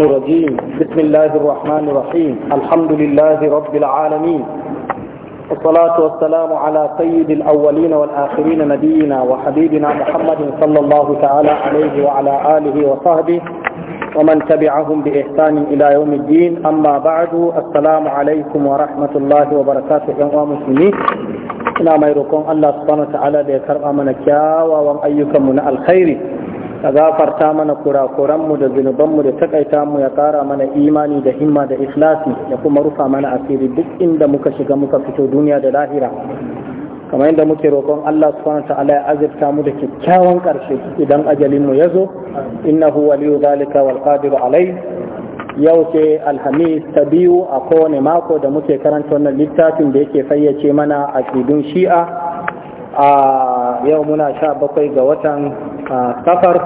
الرجيم بسم الله الرحمن الرحيم الحمد لله رب العالمين والصلاة والسلام على سيد الأولين والآخرين نبينا وحبيبنا محمد صلى الله تعالى عليه وعلى آله وصحبه ومن تبعهم بإحسان إلى يوم الدين أما بعد السلام عليكم ورحمة الله وبركاته يا مسلمين ina ما roƙon الله سبحانه وتعالى ta'ala da ya karɓa من الخير ka gafarta mana kurakuranmu da zunubanmu da takaita mu ya kara mana imani da himma da ikhlasi ya kuma rufa mana asiri duk inda muka shiga muka fito duniya da lahira kamar yadda muke roƙon Allah subhanahu ta'ala ya azirta mu da kyakkyawan ƙarshe idan ajalin mu yazo innahu waliyu zalika wal qadiru alai yau ce alhamis ta biyu a kowane mako da muke karanta wannan littafin da yake fayyace mana cikin shi'a a yau muna sha bakwai ga watan safar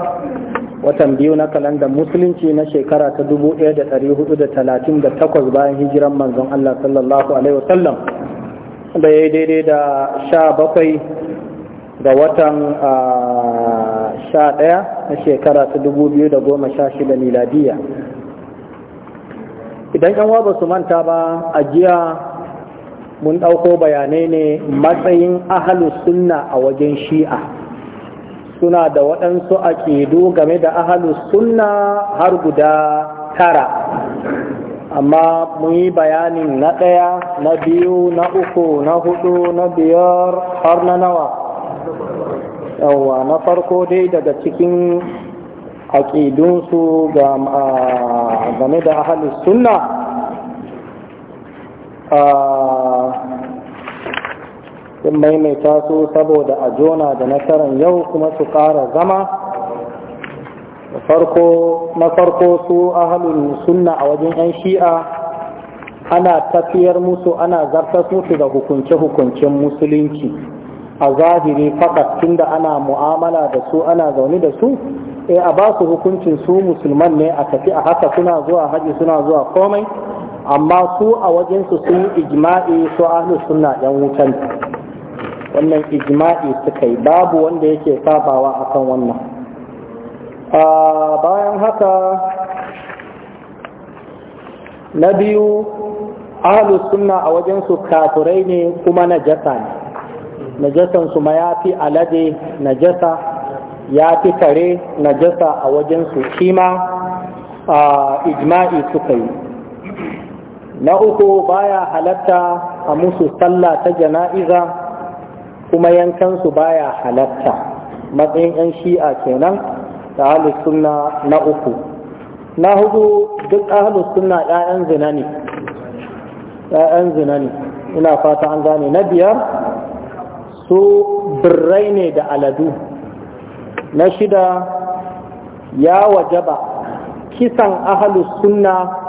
watan biyu na kalandar musulunci na shekara ta 1438 bayan hijiran manzon Allah sallallahu alaihi wasallam da ya yi daidai da sha bakwai ga watan sha ɗaya na shekara ta 2016 miladiya idan yan ba su manta ba a jiya mun ɗauko bayanai ne matsayin ahalus sunna a wajen shi'a suna da waɗansu aƙidu game da ahalus sunna har guda tara amma mun yi bayanin na ɗaya na biyu na uku na hudu na biyar har na nawa yawa na farko dai daga cikin aƙidunsu game da ahalus sunna sun maimaita su saboda a jona da nasarar yau kuma su ƙara zama na farko su ahalin sunna a wajen 'yan shi'a ana tafiyar musu ana zartas musu da hukunce-hukuncen musulunci a zahiri fakat tunda ana mu'amala da su ana zaune da su eh, a ba su hukuncin su musulman ne a tafi a haka suna zuwa haji suna zuwa komai amma su a wajensu sun yi ijma'i su ahlus sunna yan wutan wannan ijma'i suka yi babu wanda yake sabawa akan wannan bayan haka na biyu ahlus sunna a wajensu kafurai ne kuma najasa ne najasansu ma ya fi alade najasa ya fi kare najasa a wajensu shi ma ijma'i suka yi na uku baya halatta a musu sallah ta jana'iza kuma yankansu baya halatta matsayin 'yan shi'a kenan da sunna na uku na hudu duk sunna 'ya'yan zina ne 'ya'yan zina ne ina fata an gane na biyar su birrai ne da aladu na shida ya wajaba kisan ahalus sunna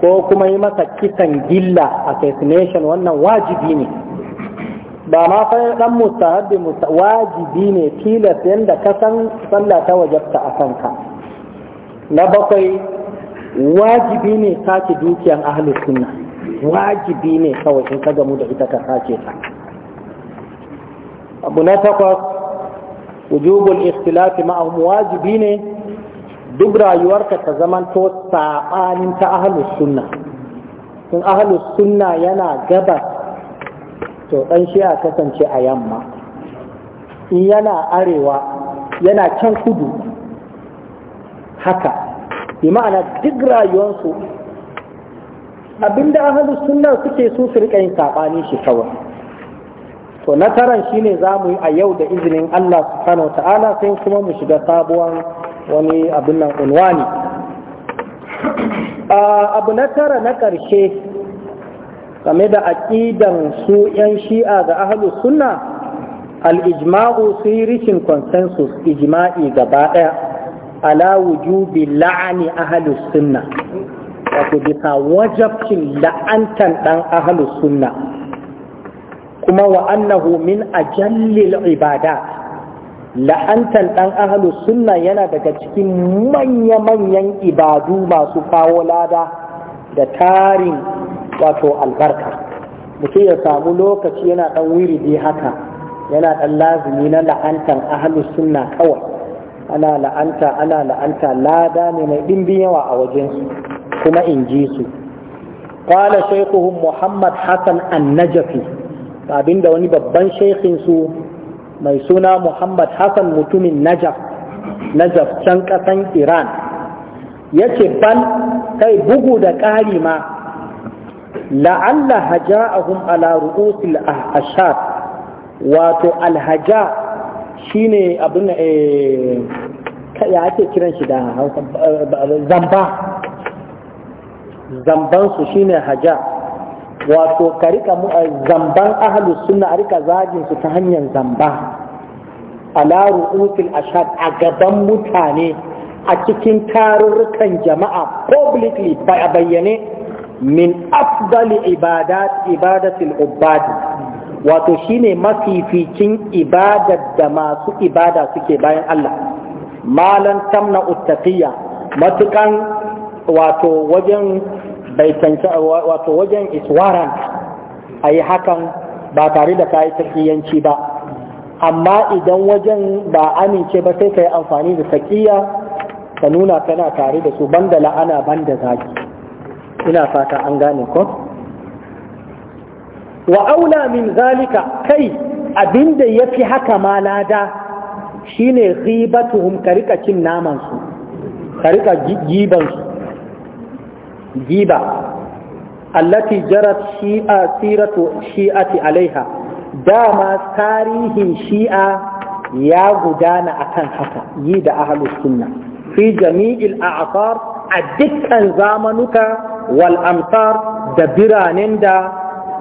ko kuma yi masa kisan gilla assassination wannan wajibi ne ba ma fa dan mustahabbi wajibi ne tilas yanda ka san sallah ta wajabta a kanka na bakwai wajibi ne sace dukiyan ahli sunna wajibi ne kawai in ka gamu da ita ka sake ta abu na takwas wujubul ikhtilafi ma'ahum wajibi ne duk rayuwarka ta zamanto saɓanin ta ahalus sunna in ahalus sunna yana gabas to ɗan shi a kasance a yamma in yana arewa yana can kudu haka bi ma'ana duk rayuwarsu abinda ahalus sunna suke su su riƙa yin saɓani shi kawai to na shi shine za mu yi a yau da izinin Allah subhanahu wa ta'ala sai kuma mu shiga sabuwar wani abin nan unwani abu na tara na ƙarshe game da aƙidan su 'yan shi'a ga ahalus sunna al-ijma'u su yi rikin consensus ijma'i gaba ɗaya ala wujubi la'ani ahalus sunna wato bisa wajabcin la'antan ɗan ahalus sunna kuma wa annahu min ajallil ibada la'antan ɗan ahalu sunna yana daga cikin manya-manyan ibadu masu kawo lada da tarin wato albarka mutum ya samu lokaci yana ɗan wiridi haka yana ɗan lazumi na la'antan ahalu sunna kawai ana la'anta ana la'anta lada ne mai ɗimbin yawa a wajensu kuma in ji su qala shaykhuhum muhammad hasan an-najafi abinda wani babban shaykhin su mai suna muhammad hassan mutumin najaf najaf can ƙasan iran ya ce ban kai bugu da ƙari ma la'alla haja'ahum ala ru'usil ashar, wato alhaja shine abin eh, ya ake kiran shi da eh, zamba zambansu shine haja wato ka rika eh, zamban ahlu suna a rika zagin su ta hanyar zamba A laru ru'usil ashad a gaban mutane a cikin tarurrukan jama'a publicly a bayyane min afdali ibadat ibadatul ubbad wato shine mafificin ibadar da masu ibada suke bayan Allah malan tamna uttaqiya matukan wato wajen bai canta wato wajen Iswaran a yi hakan ba tare da kayi tafiyanci ba amma idan wajen ba amince ba sai ka yi amfani da sakiya ka nuna kana tare da su banda la'ana banda zaki ina fata an gane ko wa aula min zalika kai abinda yafi haka ma lada shine ghibatuhum ka rika cin naman ka rika giba allati jarat shi'a siratu shi'ati alaiha dama tarihin shi'a ya gudana akan haka yi da ahlus sunna fi jami'il a'sar a dukkan zamanuka wal amsar da biranen da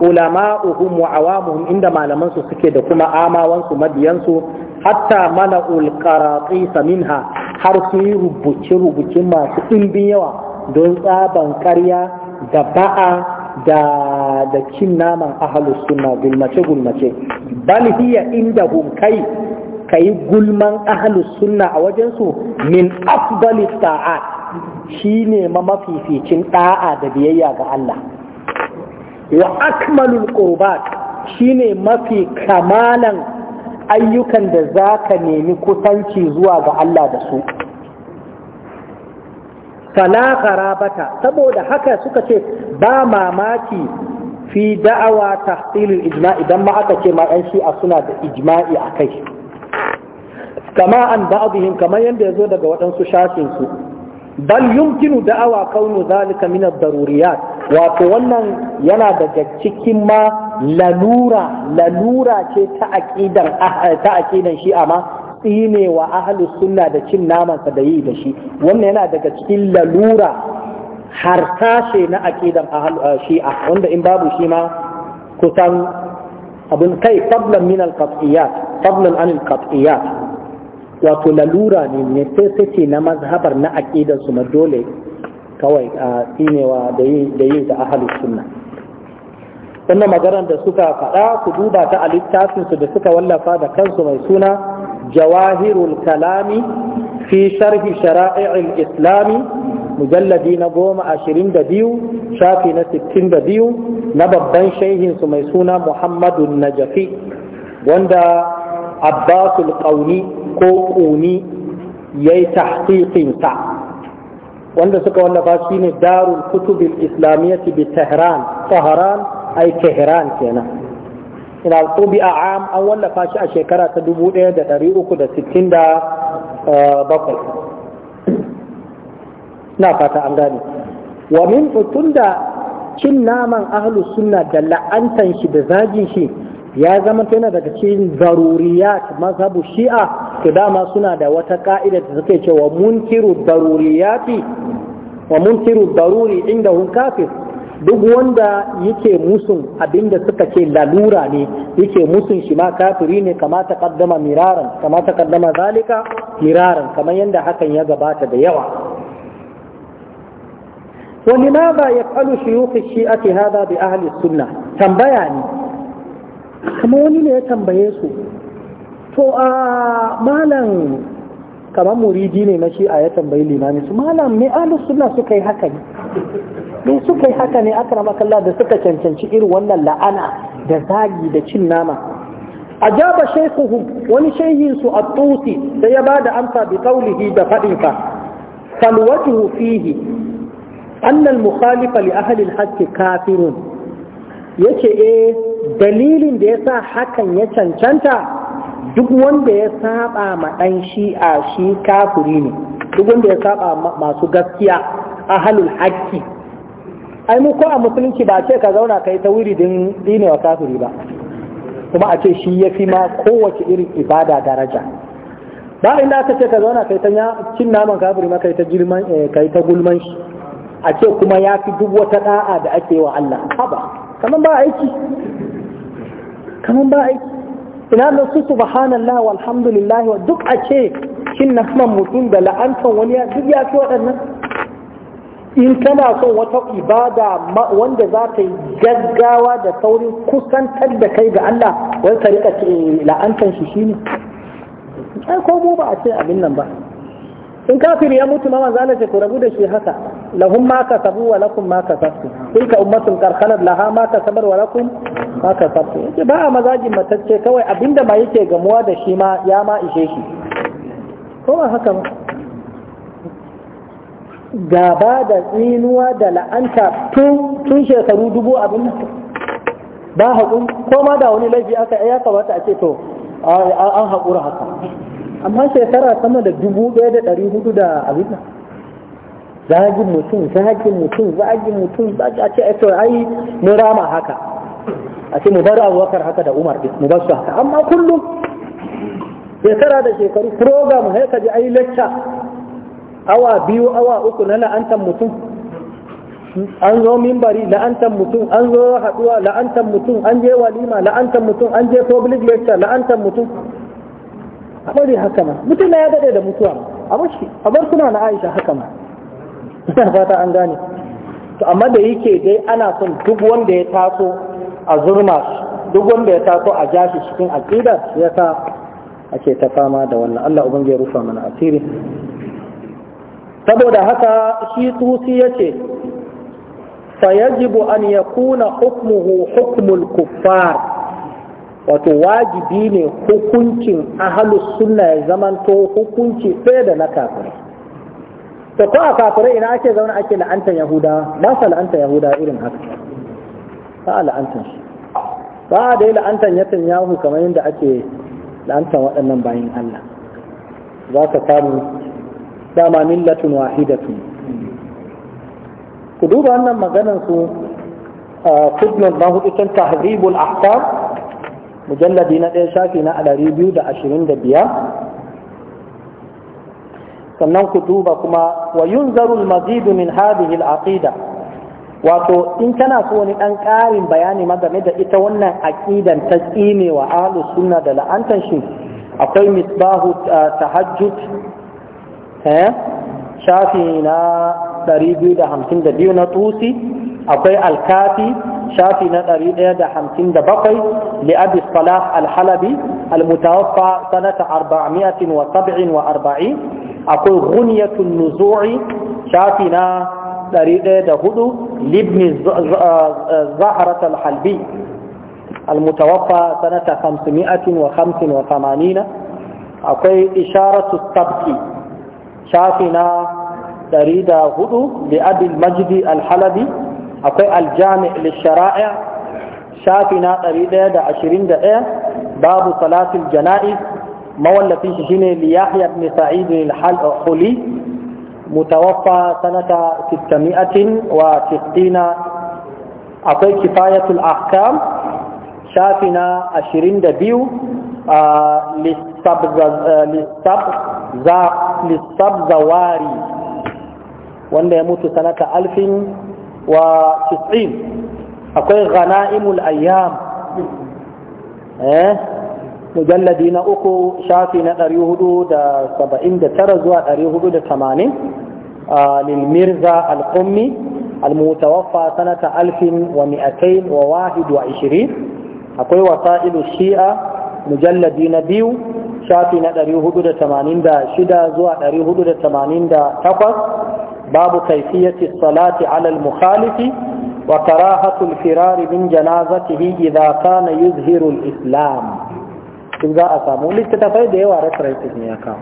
ulama'uhum wa awamuhum inda malamansu suke da kuma amawansu mabiyansu hatta mala'ul qaratisa minha har su rubuce-rubuce masu ɗimbin yawa don tsaban karya da ba'a da da cin naman ahalus sunna gulmace gulmace bal hiya inda kai kai gulman ahalus sunna a wajensu min afdali shi shine ma mafificin da'a da biyayya ga Allah wa akmalul qurbat shine mafi kamalan ayyukan da zaka nemi kusanci zuwa ga Allah da su fala qarabata saboda haka suka ce ba mamaki fi da'awa tahsilul ijma idan ma aka ce ma ɗan shi'a suna da ijma'i a kai kama an ba'dihim kamar yanda yazo daga waɗansu shashin su bal yumkinu da'awa kaunu zalika min ad-daruriyat wato wannan yana daga cikin ma lalura lalura ce ta aqidan ta aqidan shi'a ma tsine wa ahlus sunna da cin namansa da yi da shi wannan yana daga cikin lalura har tashe na aqidan eh, shi'a wanda in babu shi ma kusan abin kai fadlan min al-qat'iyat fadlan an al wato lalura ne sai necessity na mazhabar na aqidan su ma dole kawai a eh, tsinewa da yi da yi da ahlus sunna wannan maganar da suka faɗa ku duba ta a littafinsu da suka wallafa da kansu mai suna jawahirul kalami fi sharhi shara'i'il islami mujalladi na goma ashirin da biyu shafi na sittin na babban shaihinsu mai suna muhammadu najafi wanda abbasul ƙauni ko ƙuni ya yi tahqiqinsa wanda suka wallafa shi ne darul kutubil islamiyyati bi tehran tehran ai tehran kenan international tsubi a am an wallafa shi a shekara ta 1367 eh, na fata an gane wa min da cin naman ahlus sunna da la'antan shi da zagin shi ya zama tana daga cikin zaruriyat mazhabu shi'a to dama suna da wata ka'ida da suke cewa munkiru daruriyati wa munkiru daruri inda hun kafir duk wanda yake musun abinda suka ce lalura ne yake musun shi ma kafiri ne kama ta kaddama miraran kama ta kaddama zalika miraran kamar yadda hakan ya gabata da yawa ya shi ولماذا shi ake hada bi ahalis Suna tambaya ne Kama wani ne ya tambaye su to a malam kamar muridi ne na shi'a ya tambayi limami su malam me ahlus sunna suka yi haka ne me suka yi haka ne akrama kallah da suka cancanci irin wannan la'ana da zagi da cin nama ajaba shaykhuhum wani shaykhin su at-tusi da ya da amsa bi kaulihi da fadin ka falwatuhu fihi anna mukhalifa li ahli al-haqq kafirun yace eh dalilin da yasa hakan ya cancanta duk wanda ya saba ma ɗan shi'a shi kafuri ne duk wanda ya saba masu gaskiya ahalul haqqi ai mu ko a musulunci ba ce ka zauna kai ta wuri din dine kafiri ba kuma a ce shi yafi ma kowace irin ibada daraja ba inda aka ce ka zauna kai ta cin naman kafiri ma kai ta girman eh, kai ta gulman shi a ce kuma yafi duk wata da'a da ake wa Allah haba kaman ba aiki kaman ba aiki ina da su subhanallah walhamdulillah wa duk a ce na kuma mutum da la'antan wani ya duk ya fi waɗannan in kana son wata ibada wanda za ta yi gaggawa da saurin kusantar da kai ga Allah wai ka rika la'antan shi shine ai ko mu ba a ce abin nan ba in kafir ya mutu ma manzo ce ku rabu da shi haka lahum ma kasabu wa lakum ma kasabtu tilka ummatun qarqanat laha ma kasabar wa lakum ma kasabtu yace ba a mazajin matacce kawai abinda ma yake gamuwa da shi ma ya ma ishe shi ko ba haka ba gaba da tsinuwa da la'anta tun tun shekaru dubu abin ba haƙun ko ma da wani laifi aka ya kamata a ce to an haƙura haka amma shekara sama da dubu ɗaya da ɗari hudu da abin nan zagin mutum zagin mutum zagin mutum a ce ai to ai mun rama haka a ce mu bar abubakar haka da umar mu bar su haka amma kullum shekara da shekaru program sai ka ji ai lecture awa biyu awa uku na la'antar mutum an zo mimbari la'antar mutum an zo haduwa la'antar mutum an je walima la'antar mutum an je public lecture la'antar mutum a bari haka nan mutum ya dade da mutuwa a bar a bar suna na aisha haka ma ina fata an gane to amma da yake dai ana son duk wanda ya taso a zurma duk wanda ya taso a jashi cikin aqida ya sa ake ta fama da wannan Allah ubangi ya rufa mana asiri saboda haka shi tusi yace fayajibu an yakuna hukmuhu hukmul kuffar wato wajibi ne hukuncin ahalus sunna ya zamanto hukunci ɗaya da na kafirai to ko a kafirai ina ake zaune ake la'antar yahuda ba sa la'antar yahuda irin haka ba a la'antar shi ba a dai la'antar yatin yahu kamar yadda ake la'antar waɗannan bayan Allah za ka samu dama millatun wahidatun ku duba wannan maganar su kudnan na hudu can tahzibul ahkam mujalladi na ɗaya shafi na ɗari biyu da ashirin da biyar sannan ku duba kuma wa yunzaru mazidu min hadhihi al-aqida wato in kana so wani ɗan ƙarin bayani ma game da ita wannan aƙidan ta tsine wa ahlus sunna da la'antar shi akwai misbahu ah, tahajjud eh shafi na 252 na tusi akwai alkafi شافي نتري إيدا حمسين دبقي لأبي الصلاح الحلبي المتوفى سنة أربعمائة وسبع وأربعين أقول غنية النزوع شافي نتري إيدا هدو لابن آه، آه، زهرة الحلبي المتوفى سنة خمسمائة وخمس وثمانين أقول إشارة السبكي شافي نتري إيدا هدو لأبي المجد الحلبي akwai aljami lishara'a shafi na 121 babu salatul jana'iz mawallafin shi shine li yahya ibn sa'id al-huli mutawaffa sanata 660 akwai kifayatul ahkam shafi na 22 lissabzawari wanda ya mutu sanata alfin وتسعين أقول غنائم الأيام إيه؟ مجلدين أكو شافي نقر يهدو دا سبعين دا ترزوى يهدو دا تمانين آه، للمرزا القمي المتوفى سنة ألف ومئتين وواحد وعشرين أقول وسائل الشيعة مجلدين بيو شافي نقر يهدو دا تمانين دا شدا زوى يهدو دا تمانين دا تقص babu kaifiyati salati ala al-mukhalifi wa karahatul firari min janazatihi idza kana yuzhiru al-islam in za a samu littattafai da yawa references ne ya kawo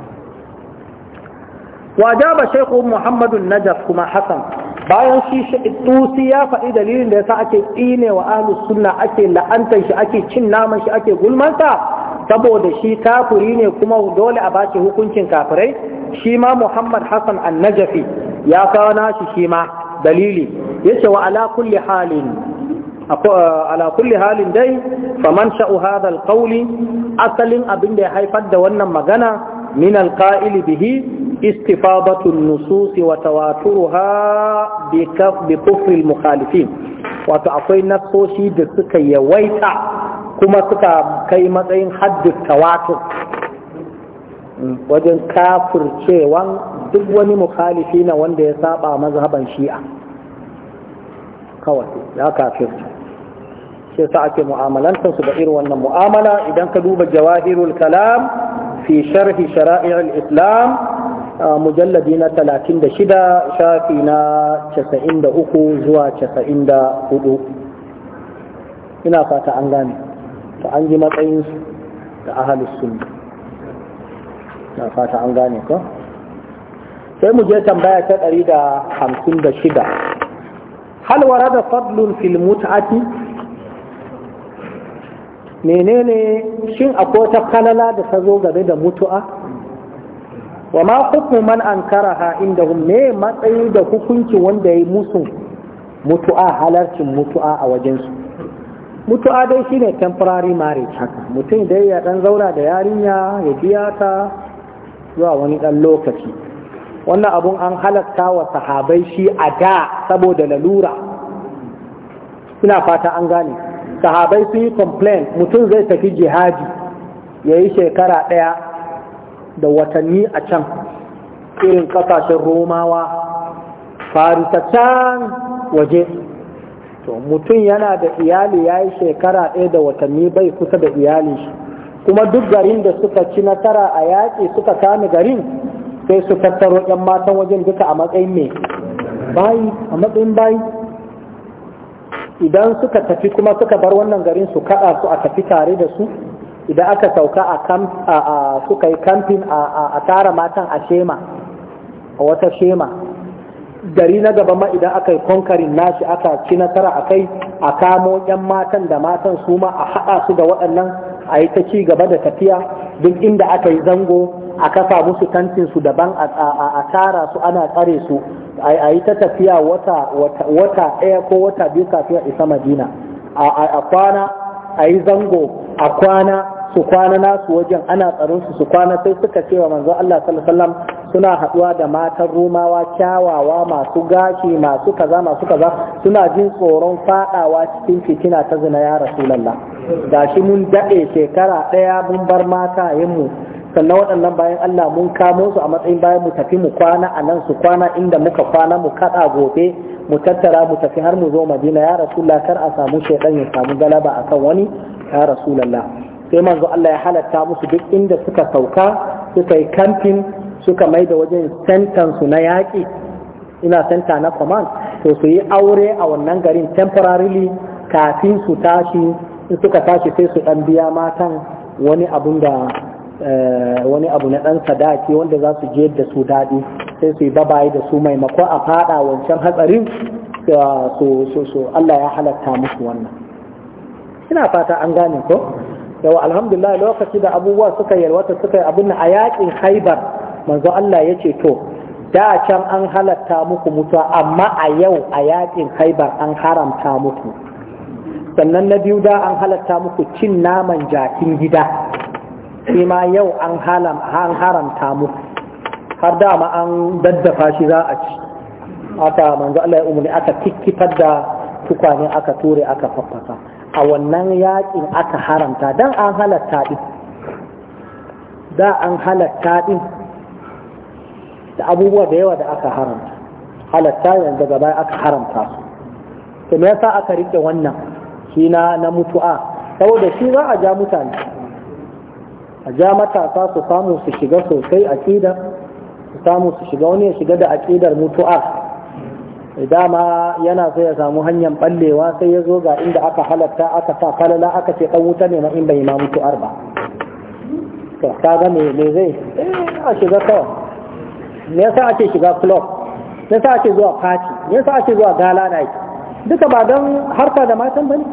wajaba shaikhu muhammadu najaf kuma hasan bayan shi ya faɗi dalilin da yasa ake tsine wa ahlus sunna ake la'antar shi ake cin naman shi ake gulmanta saboda shi kafiri ne kuma dole a baki hukuncin kafirai shi ma muhammad hasan annajafi ya kawo nashi shi ma dalili ce wa ala halin eh, halin dai faman sha'u hadha asalin abin da ya haifar da wannan magana min alqa'ili bihi istifadatu an wa tawaturuha ha bi kufri mukhalifin wato akwai nasoshi da suka yawaita kuma suka kai matsayin haddu tawatur hmm, wajen kafircewan duk wani mukhalifi na wanda ya saba mazhaban shi'a kawai ya kafirta shi sa ake mu'amalantar su da irin wannan mu'amala idan ka duba jawahirul kalam fi sharhi shara'i'ul islam mujalladi na 36 shafi na 93 zuwa 94 ina fata an gane ta an ji matsayin su da ahalus sunna na fata an gane ko sai mu je tambaya ta ɗari da hamsin da shida halwara da fadlun filmutati menene shin akwai ta kalala da ta zo game da mutu'a wa ma hukmu man ankaraha inda me matsayi da hukunci wanda ya yi musu mutu'a halarcin mutu'a a wajensu mutu'a dai shine temporary marriage haka mutum dai ya ɗan zaura da yarinya ya biya ta zuwa wani ɗan lokaci wannan abun an halatta wa sahabai shi a da saboda lalura suna fata an gane sahabai sun yi complain mutum zai tafi jihadi ya yi shekara ɗaya da watanni a can irin ƙasashen romawa farisa can waje mutum yana da iyali ya yi shekara ɗaya da watanni bai kusa da iyali shi kuma duk garin da suka ci nasara a yaƙi suka sami garin sai su tattaro ɗan matan wajen duka a matsayin mai bayi a matsayin bayi idan suka tafi kuma suka bar wannan garin su kada su a tafi tare da su idan aka sauka a suka yi kamfin a tara matan a shema a wata shema gari na gaba ma idan aka yi konkarin nashi aka ci nasara a kai a kamo yan matan da matan su ma a haɗa su da waɗannan a yi ta ci gaba da tafiya duk inda aka yi zango a kasa musu tantin su daban a tara su ana tsare su a yi ta tafiya wata ɗaya ko wata biyu kafin isa madina a kwana a yi zango a kwana su kwana nasu wajen ana tsaron su su kwana sai suka ce wa manzo Allah sallallahu suna haɗuwa da matan rumawa kyawawa masu gashi masu kaza masu kaza suna jin tsoron fadawa cikin fitina ta zina ya rasulullah gashi mun daɗe shekara ɗaya mun bar mata mu sannan waɗannan bayan Allah mun kamo su a matsayin bayan mu tafi mu kwana a nan su kwana inda muka kwana mu kaɗa gobe mu tattara mu tafi har mu zo madina ya rasu lakar a samu shaidan ya samu galaba akan wani ya rasulullah sai manzo Allah ya halatta musu duk inda suka sauka suka yi kamfin suka mai da wajen sentan su na yaƙi ina senta na command to su yi aure a wannan garin temporarily kafin su tashi in suka tashi sai su ɗan biya matan wani abun da Eh, wani abu na ɗan sadaki wanda za su je da su daɗi sai su yi babaye da su maimakon a faɗa wancan hatsarin so Allah ya halatta musu wannan ina fata an gane ko yau alhamdulillah lokaci da abubuwa suka yalwata suka abin a yakin haibar manzo Allah ya ce to da can an halatta muku mutuwa amma a yau a yakin haibar an haramta muku sannan na biyu da an halatta muku cin naman jakin gida shi ma yau an haramta mu har dama an daddafa shi za a ci aka manzo Allah ya umarni aka tikkifar da tukwane aka ture aka faffasa a wannan yakin aka haramta dan an halatta din da an halatta din da abubuwa da yawa da aka haramta halatta yanzu daga baya aka haramta su to me yasa aka rike wannan shi na na mutu'a saboda shi za a ja mutane a ja matasa su samu su shiga sosai a ƙida su samu su shiga wani ya shiga da aƙidar mutu'a dama yana so ya samu hanyar ɓallewa sai ya zo ga inda aka halatta aka sa falala aka ce ɗan wuta ne in bai ma mutu'ar ba to ga me me zai eh, a shiga kawai me yasa ake shiga club me yasa ake zuwa party me yasa ake zuwa gala night duka ba don harka da matan bane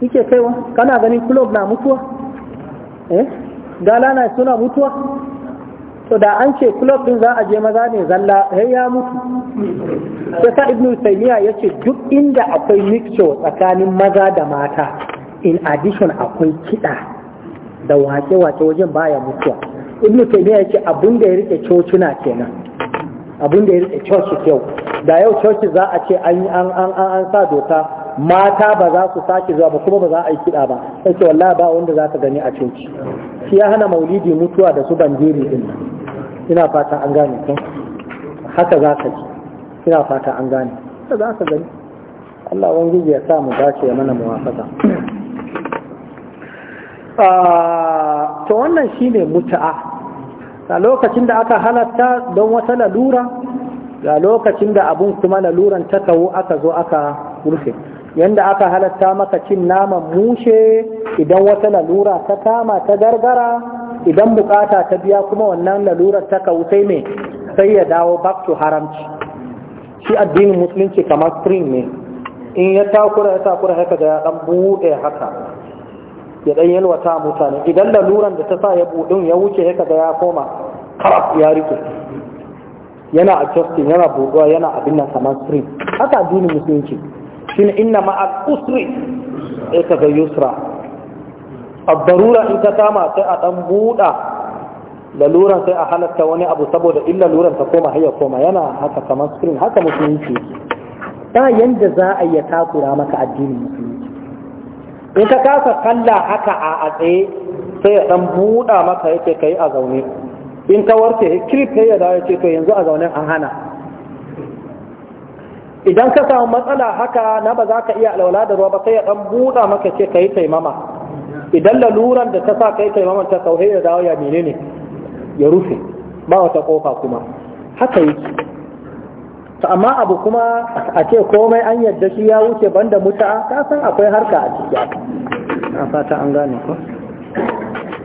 yake kaiwa kana ganin club na mutuwa eh gala na suna mutuwa to da an ce club din za a je maza ne zalla sai ya mutu sai sa ibnu taymiya yace duk inda akwai mixture tsakanin maza da mata in addition akwai kiɗa da wake-wake wajen baya mutuwa ibnu taymiya yace abun da ya rike cocina kenan abun da ya rike church yau da yau church za a ce an an an sa doka mata ba za su sake zuwa ba kuma ba za a yi kiɗa ba sai ce wallahi ba wanda za ka gani a coci shi ya hana maulidi mutuwa da su bandiri din ina fata an gane kan haka za ka ji ina fata an gane haka za ka gani Allah wani ya sa mu dace ya mana muwafaka ah, to wannan shi ne mutu'a a lokacin da aka halatta don wata lalura ga lokacin da abun kuma laluran ta kawo aka zo aka rufe yanda aka halatta maka cin naman mushe idan wata lalura ta kama ta gargara idan bukata ta biya kuma wannan lalurar ta kautai ne sai ya dawo back to haramci shi addinin musulunci kamar spring ne in ya takura ya takura haka da ya dan buɗe haka ya dan yalwata mutane idan laluran da ta sa ya buɗin ya wuce haka da ya koma karas ya rike yana adjusting yana buɗuwa yana abin nan kamar spring haka addinin musulunci shine inna al usri ita ga yusra abdarura in ta kama sai a dan buɗa laluran sai a halatta wani abu saboda illa luran ta koma hayya koma yana haka kamar screen haka musulunci Ta yanda za a iya takura maka addinin musulunci in ka kasa kalla haka a tsaye sai ya dan buɗa maka yake kai a zaune in ka warke kirif ya dawo ya ce to yanzu a zaune an hana idan ka samu matsala haka na ba za ka iya alwala da ruwa ba sai ya dan buɗa maka ce ka yi taimama idan laluran da ta sa ka yi taimama ta sauhe ya dawo ya menene ya rufe ba wata kofa kuma haka yake to amma abu kuma a ce komai an yadda shi ya wuce banda muta ka san akwai harka a ciki a fata an gane ko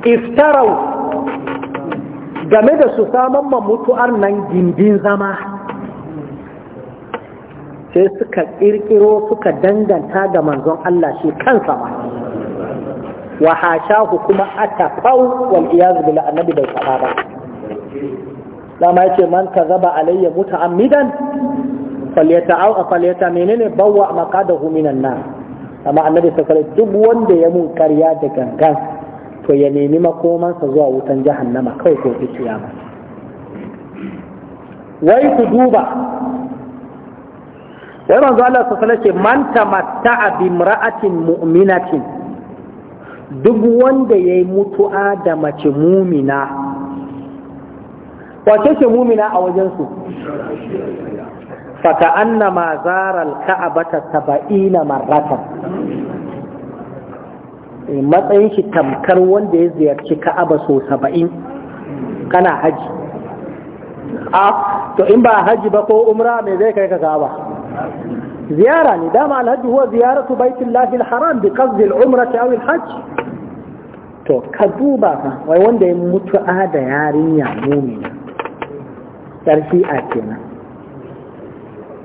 iftarau game da su saman ma mutu'ar nan gindin zama sai suka ƙirƙiro suka danganta ga manzon Allah shi kansa ma wa hashahu kuma fau wal iyaz bil annabi bai faɗa ba dama yace man kazaba alayya muta'ammidan falyata'aw falyata menene bawwa maqadahu minan nar amma annabi sai kare duk wanda ya mun ƙarya da gangan to ya nemi makomansa zuwa wutan jahannama kai ko kiyama wai ku duba sai manzo Allah su alaihi ce man tamatta'a bi imra'atin mu'minatin duk wanda ya yi mutu'a da mace mumina wace ce mumina a wajensu? su faka annama zara al-ka'abata saba'ina marratan eh, matsayin shi tamkar wanda ya ziyarci ka'aba so saba'in kana haji a ah, to in ba haji ba ko umra me zai kai ka ka'aba Ziyara ne dama Alhaji هو زيارة بيت الله الحرام بقصد العمرة أو الحج to ka duba ka wai wanda ya mutu da yarinya mumina sarki a kenan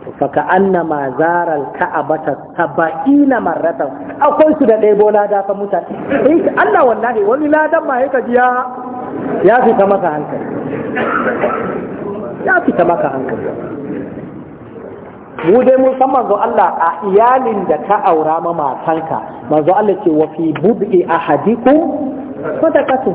to fa ka anna ma zaral ka'abata saba'ina akwai su da ɗebo lada fa mutane eh Allah wallahi wani ladan ma yake ji ya fita maka hankali ya fita maka hankali mu dai mun san manzo Allah a iyalin da ka aura ma matanka manzo Allah ce wa fi bud'i ahadikum sadaqatu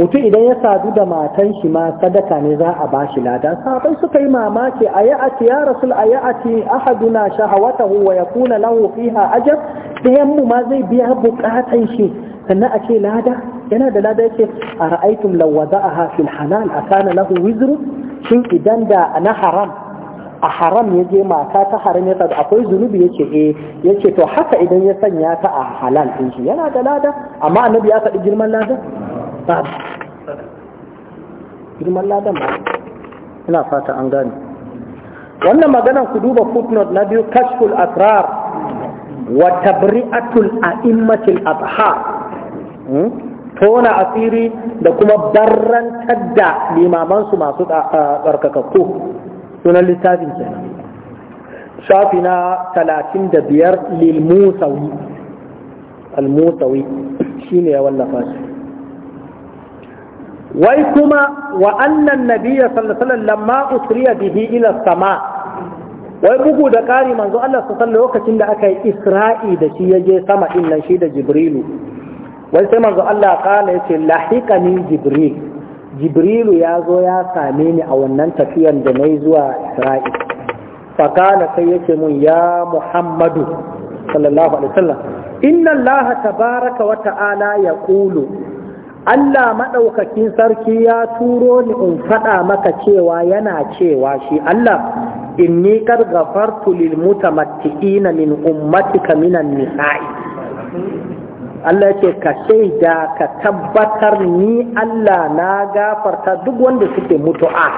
mutum idan ya sadu da matan shi ma sadaka ne za a bashi lada sabai suka yi mamaki a ya ati ya rasul a na ati ahaduna shahawatahu wa yakuna lahu fiha ajr dayan mu ma zai biya bukatan shi sannan a ce lada yana da lada yake a ra'aytum law wada'aha fil halal akana lahu wizru shin idan da na haram a haram ya je mata ta haram ya sadu akwai zunubi ya ce eh ya ce to haka idan ya sanya ta a halal ɗin shi yana da lada amma annabi ya faɗi girman lada ba girman ladan ba ina fata an gane wannan maganan ku duba footnote na biyu kashful asrar wa tabri'atul a'immatil adha hmm? tona asiri da kuma barrantar da limamansu masu ah, tsarkakakku sunan littafin kenan shafi na talatin da biyar lilmusawi almusawi shi ne ya wallafa shi wai kuma wa'annan annan nabiya sallallahu lamma usriya bihi ila sama wai bugu da ƙari manzo Allah sallallahu lokacin da aka yi isra'i da shi ya je sama din nan shi da jibrilu wai sai manzo Allah kala yace ni jibril jibrilu ya zo ya same ni a wannan tafiyan da na yi zuwa isra'il fakala sai yake mun ya muhammadu sallallahu alaihi wasallam inna allah tabaraka wa ta'ala ya kulu allah maɗaukakin sarki ya turo ni in faɗa maka cewa yana cewa shi allah inni kar gafartu lil mutamatti'ina min ummatika minan nisa'i Allah ce ka shaida ka tabbatar ni Allah na gafarta duk wanda suke mutu'a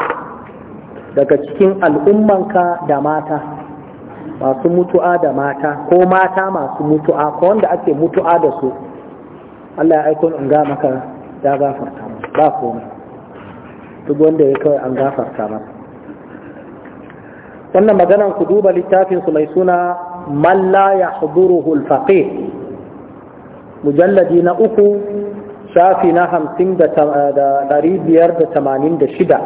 daga cikin al'ummanka da mata masu mutu'a da mata ko mata masu mutu'a ko wanda ake mutu'a da su Allah ya aiko in gama maka ya gafarta ba komai duk wanda ya kawai an gafarta ba wannan maganan ku duba littafin su mai suna man la yahduruhu faqih mujalladi na uku shafi na hamsin da ɗari biyar da tamanin da shida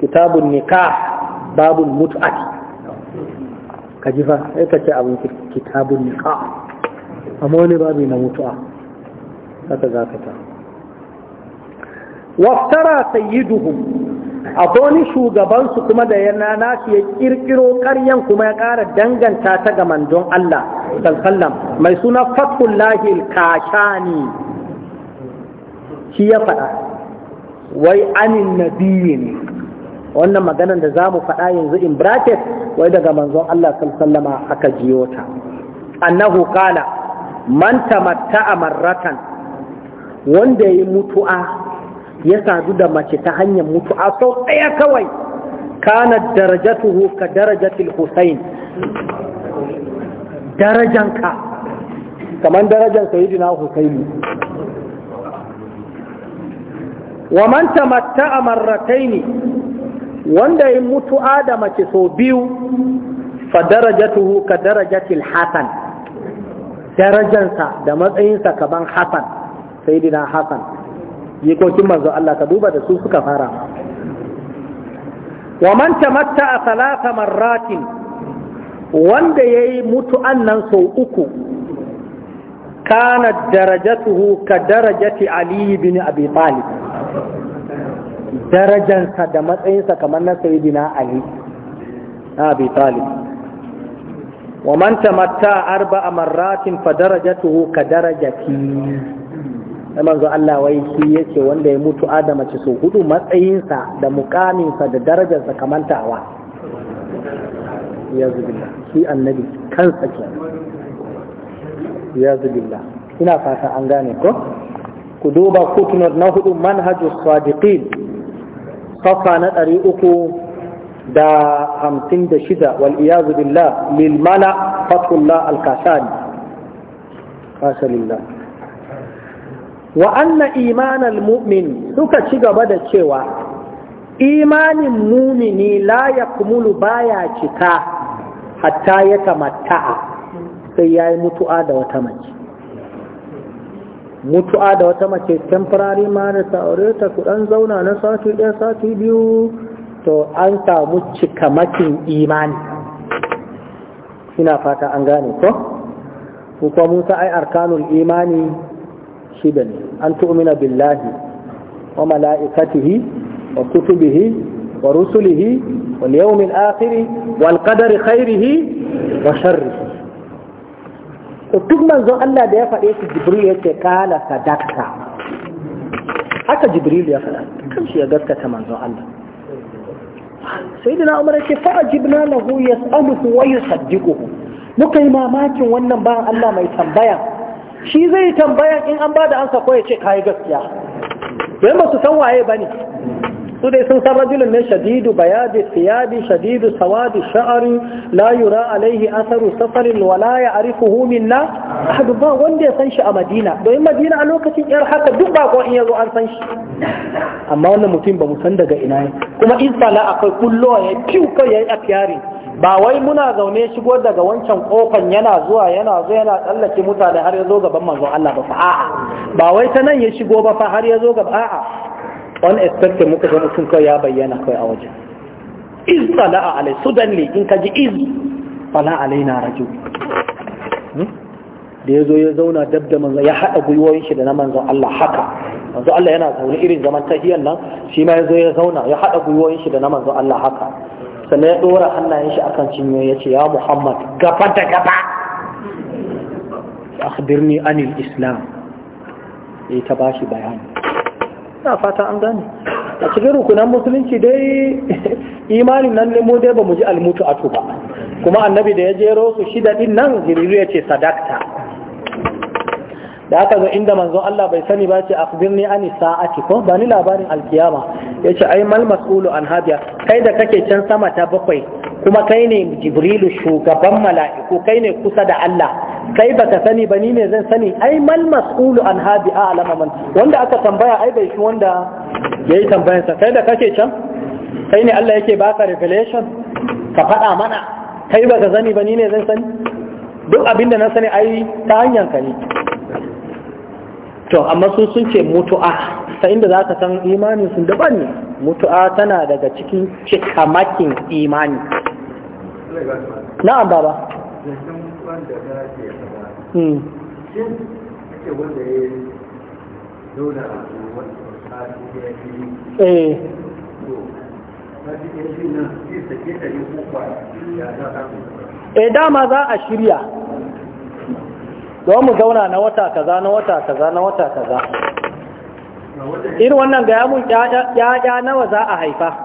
kitabun nikah babun mut'ati ka ji fa sai ka ce abin kitabun nikah amma wani babu na mutu'a haka za ka ta waftara sayyiduhum akwai wani shugabansu kuma da ya shi ya kirkiro karyan kuma ya kara danganta ta ga manzon Allah sallallahu mai suna fathullahi kashani shi ya faɗa wai anin nabiyyi ne wannan maganar da zamu faɗa yanzu in bracket wai daga manzon Allah sallallahu aka jiyo ta annahu qala man tamatta'a marratan wanda ya mutu'a ya sadu da mace ta hanyar mutu a sau ɗaya kawai kana darajatuhu ka darajatil Hussein darajanka kamar darajan sayidina Husaini wa manta man tamatta'a marrataini wanda ya mutu da mace sau biyu fa darajatuhu ka darajatil Hassan, darajansa da matsayinsa kaman Hasan sayidina Hassan. jikokin manzon Allah ka duba da su suka fara wa man tamatta a salata marratin wanda yayi mutu'an nan sau uku kanat darajatuhu ka darajati ali bin abi talib darajansa da matsayinsa kamar na sayyidina ali abi talib ومن تمتع أربع مرات فدرجته كدرجتي sai manzo Allah wai shi yake wanda ya mutu adama ce so hudu matsayinsa da mukaminsa da darajarsa kamantawa ya zubillah shi annabi kansa ke ya zubillah ina fata an gane ko ku duba kutunar na hudu manhajus sadiqin safa na ɗari uku da hamsin da shida wal iyazu billah lil mala fatullah al kashani kashani wa anna imanal mu'min suka ci gaba da cewa imanin mumini la ya kumulu baya cika hatta ya kamata sai ya yi mutu'a da wata mace mutu'a da wata mace temporary ta aure ta kudan zauna na sati ɗaya sati biyu to an samu cikamakin imani ina fata an gane ko ko musa ai arkanul imani shida ne an tu'mina billahi wa mala'ikatihi wa kutubihi wa rusulihi wal yawmil akhir wal qadari khairihi wa sharrihi to duk manzon Allah da ya faɗe su Jibril ya ce kala sadaka haka Jibril ya faɗa kanshi ya gaskata manzon Allah sayyidina Umar ya ce fa ajibna lahu yas'aluhu wa yusaddiquhu muka yi mamakin wannan ba Allah mai tambaya shi zai tambayan in an ba da ansa ko ya ce kayi gaskiya don ba su san waye ba ne su dai sun san rajulun ne shadidu bayadi siyadi shadidu sawadi sha'ari la yura alaihi asaru safarin wala ya arifuhu minna ahadu ba wanda ya san shi a madina domin madina a lokacin yar haka duk ba ko in yazo an san shi amma wannan mutum ba mu san daga ina ne kuma la akwai kullo ya kiu kai ya afyari ba wai muna zaune shigo daga wancan kofan yana zuwa yana zo yana tsallake mutane har ya zo gaban manzon Allah ba a'a ba wai ta nan ya shigo ba fa har ya zo gaba a'a unexpected muka ga mutum kawai ya bayyana kawai a wajen iz tsala alai suddenly in ka ji iz tsala alai na raju hmm? da ya zo ya zauna dab da manzo ya haɗa gwiwoyin shi da na manzon Allah haka manzo Allah yana zaune irin zaman tahiyyar nan shi ma ya zo ya zauna ya haɗa gwiwoyin shi da na manzon Allah haka sannan ya ɗora hannayen shi akan cinye ya ce ya Muhammad gaba da gaba akhbirni anil islam ya ta bashi bayani ina fata an gane a cikin rukunan musulunci dai imanin nan ne mu dai ba mu ji almutu a ba kuma annabi da ya jero su shida din nan jiriru ya ce sadakta da aka zo inda manzon Allah bai sani ba ce a akhbirni an sa'ati ko ba ni labarin alkiyama Ya ce ai mal mas'ulu an hadiya kai da kake can sama ta bakwai kuma kai ne jibrilu shugaban mala'iku kai ne kusa da Allah kai baka sani ba ni ne zan sani ai mal mas'ulu an habi a'lama man wanda aka tambaya ai bai shi wanda yayi tambayar sa kai da kake can kai ne Allah yake baka revelation ka faɗa mana kai baka sani ba ni ne zan sani duk abin da na sani ai ta hanyar ka ne to amma su sun ce mutu'a ta inda zaka san imani sun daban ne mutu'a tana daga cikin cikamakin imani na'am baba za a shirya don mu zauna na wata kaza na wata kaza na wata kaza irin wannan ga yamun ƴaƴa nawa za a haifa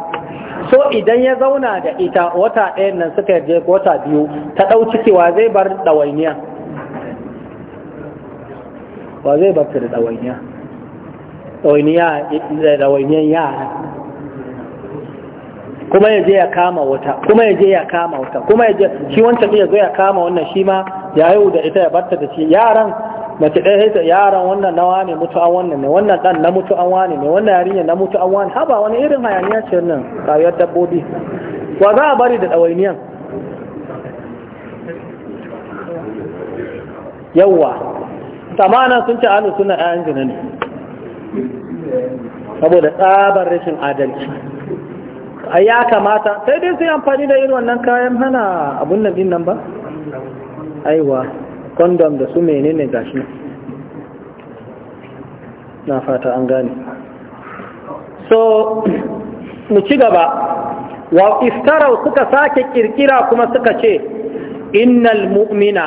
so idan ya zauna da ita wata ɗayan nan suka yaje wata biyu ta ɗau zai bar ɗawainiya ba zai baka da ɗawainiya ɗawainiyan yara kuma ya je ya kama wata kuma ya je ya kama wata kuma ya je shi wancan ya zo ya kama wannan shi ma ya yi da ita ya barta da shi yaran mace ɗaya sai ta yaran wannan nawa ne mutu an wannan ne wannan ɗan na mutu an wane ne wannan yarinya na mutu an wane haba wani irin hayaniya ce nan rayuwar dabbobi wa za a bari da ɗawainiyan yawwa samana sun ce ahlus sunna ayan zina ne saboda tsabar rashin adalci ai ya kamata sai dai su amfani da yin wannan kayan hana abun nan din nan ba aiwa kondom da su menene gashi na fata an gane so mu ci gaba wa iftarau suka sake kirkira kuma suka ce innal mu'mina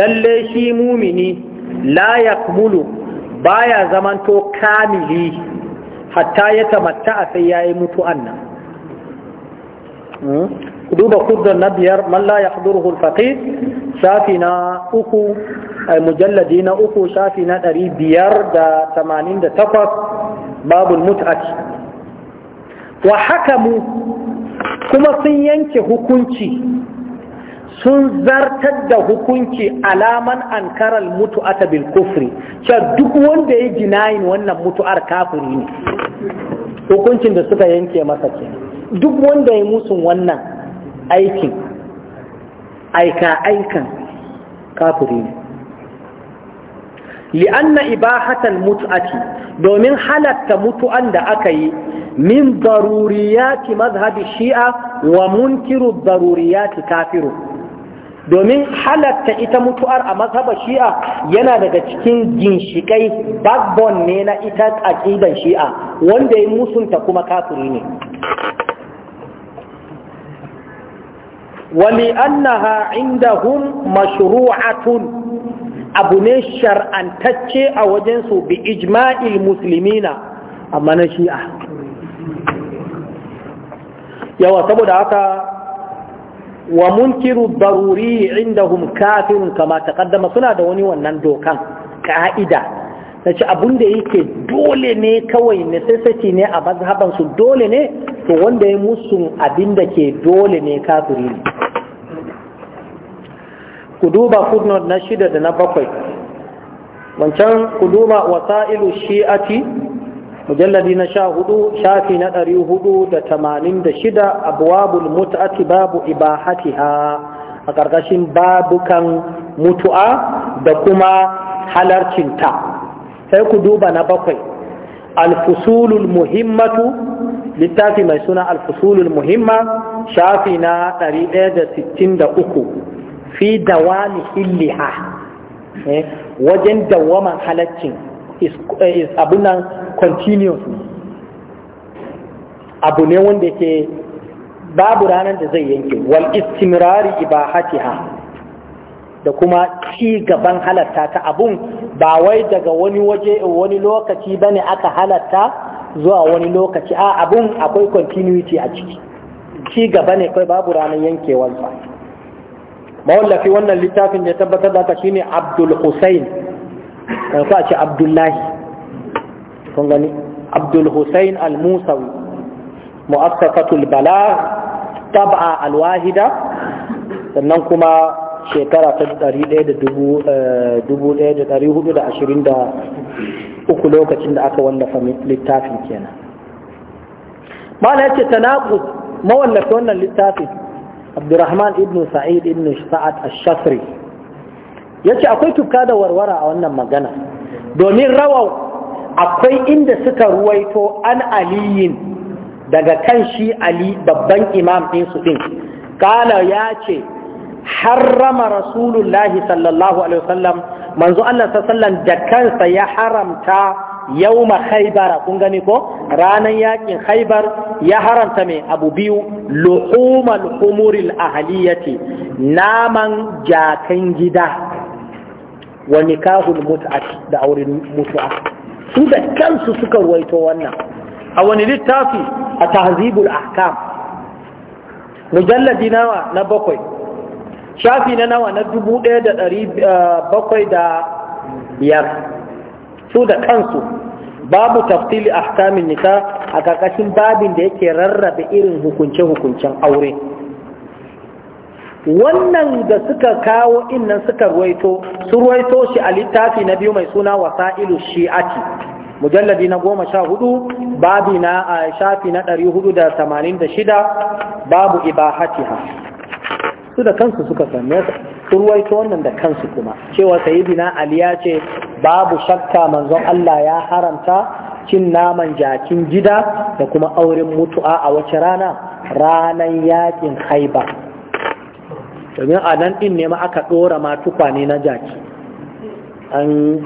lalle shi mumini la ba baya zamanto kamili hatta ya tamatta sai yayi mutu annan hmm? duba kudin na biyar malla ya haɗurhul faƙi shafi na uku eh, mujalladi na uku shafi na ɗari biyar da tamanin da takwas babul mut'ati wa mu kuma sun yanke hukunci sun zartar da hukunci alaman ankaral mutu'ata bil kufri cewa duk wanda ya jinayin wannan mutu'ar kafiri ne hukuncin da suka yanke masa ke duk wanda ya musu wannan aikin aika aikan kafiri ne li'anna ibahatal mutu'ati domin halatta mutu'an da aka yi min daruriyati mazhabi shi'a wa munkiru daruriyati kafiru domin halatta ita mutuwar a mazhabar shi'a yana daga cikin ginshikai backbone ne na ita aqidan shi'a wanda ya musunta kuma kafiri ne wali inda indahum mashru'atun abu ne shar'antacce a wajensu bi ijma'il muslimina amma na shi'a yawa saboda haka wa munkiru daruri indahum kafirun kama taqaddama suna da wani wannan dokan ka'ida nace abun da yake dole ne kawai necessity ne a mazhaban su dole ne to wanda ya musu abin da ke dole ne kafiri ne ku duba footnote na shida da na bakwai wancan ku duba wasa'ilu shi'ati mujalladi na sha hudu shafi na ɗari hudu da tamanin da shida abuwabul mutu'ati babu ibahatiha a ƙarƙashin babukan mutu'a da kuma halarcinta sai ku duba na bakwai alfusulul muhimmatu littafi mai suna alfusulul muhimma shafi na ɗari ɗaya da sittin da uku fi dawami illiha eh, wajen dawaman halaccin is eh, abin nan continuous abu ne wanda ke babu ranar da zai yanke wal istimrari ibahatiha da kuma ci gaban halatta ta abun ba wai daga wani waje wani lokaci bane aka halatta zuwa wani lokaci a abun akwai continuity a ciki ci gaba ne kai babu ranar yankewarsa mawallafi wannan littafin da tabbatar da ka shine Abdul Hussein kan sa ce abdullahi kun gani abdul hussein al-musawi mu'assafatul bala tab'a al-wahida sannan kuma shekara ta 1423 eh, lokacin da aka wallafa littafin kenan mala yace tanaqus mawallafa wannan littafin Abdurrahman ibn Sa'id ibn Sa'ad ash-Shafri ya ce akwai tuka da warwara a wannan magana domin rawau akwai inda suka ruwaito an aliyin daga kan shi ali babban imam su ɗin ƙala ya ce harrama rasulullahi sallallahu alaihi wasallam manzo Allah sallallahu da kansa ya haramta yauma a kun gani ko ranar yakin haibar ya haramta mai abu biyu luhumal umuril ahaliyati naman jakan gida wa nikahul mut'at da auren mutu'a su da kansu suka ruwaito wannan a wani littafi a tahzibul ahkam mujalladi nawa na bakwai shafi na nawa na dubu ɗaya da ɗari eh, bakwai da biyar su da kansu babu tafsili ahkamin nika a ƙarƙashin babin da yake rarrabe irin hukunce-hukuncen aure wannan da suka kawo innan suka ruwaito su ruwaito shi a littafi na biyu mai suna wasa'ilu shi'ati mujalladi na goma sha hudu babi na shafi na ɗari hudu da tamanin da shida babu ibahatiha su da kansu suka same su ruwaito wannan da kansu kuma cewa sayidina ali ya ce babu shakka manzon Allah ya haramta cin naman jakin gida da kuma auren mutu'a a wace rana ranan yakin haiba domin a nan ɗin ne ma aka ɗora ma tukwane na jaki an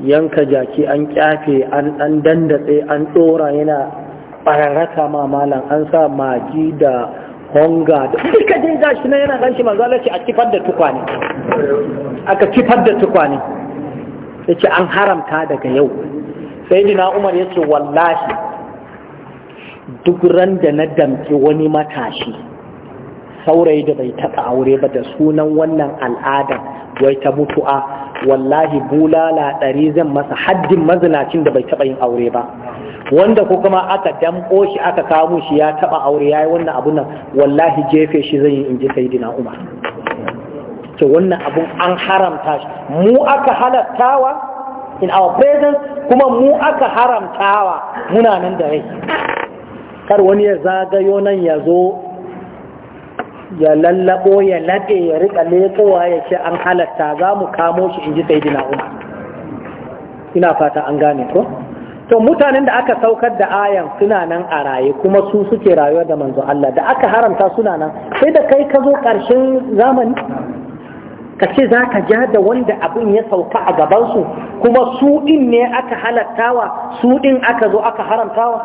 yanka jaki an kyafe an ɗan dandatse an ɗora yana ɓararraka ma malam an sa magi da honga da duka jin gashi na yana ganshi shi manzo Allah a kifar da tukwane aka kifar da tukwane yace an haramta daga yau sai dina Umar yace wallahi duk ran da na damki wani matashi saurayi da bai taɓa aure ba da sunan wannan al'ada wai ta mutu'a wallahi bulala ɗari zan masa haddin mazinacin da bai taɓa yin aure ba wanda ko kuma aka damƙo shi aka kamo shi ya taɓa aure ya yi wannan abun nan wallahi jefe shi zan yi in ji dina umar to wannan abun an haramta shi mu aka halattawa in our presence kuma mu aka haramtawa muna nan da rai kar wani ya zagayo nan ya zo ya lallabo ya laɗe ya riƙa lekowa ya ce an halatta za mu kamo shi in ji dina umar ina fata an gane ko to mutanen da aka saukar da ayan suna nan a raye kuma su suke rayuwa da manzo Allah da aka haramta suna nan sai da kai ka zo ƙarshen zamani ka ce za ka ja da wanda abin ya sauka a gabansu kuma su ɗin ne aka halattawa su ɗin aka zo aka haramtawa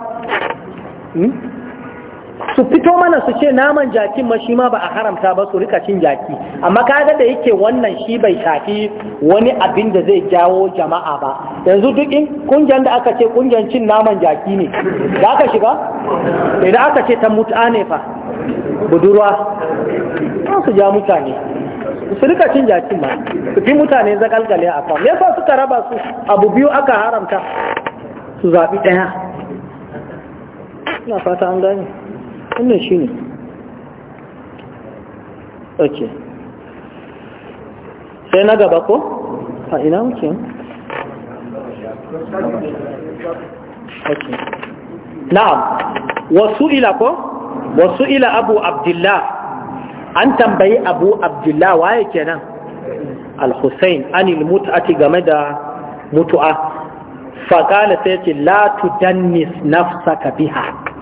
hmm? su fito mana su ce naman jakin ma shi ma ba a haramta ba su rika cin jaki amma kaga da yake wannan shi bai shafi wani abin da zai jawo jama'a ba yanzu duk in kungiyar da aka ce kungiyar cin naman jaki ne da aka shiga idan aka ce ta mutu ne fa budurwa za su ja mutane su rika cin jakin ma su fi mutane zakalgale a kan me yasa suka raba su abu biyu aka haramta su zaɓi ɗaya ina fata an gani. wannan shi ne ok sai na gaba ko a ina wuce ok na'am wasu ila ko wasu ila abu abdullah an tambayi abu abdullah waye kenan al-hussein anil mut'ati game da mutu'a faƙala sai ce la tudannis nafsaka biha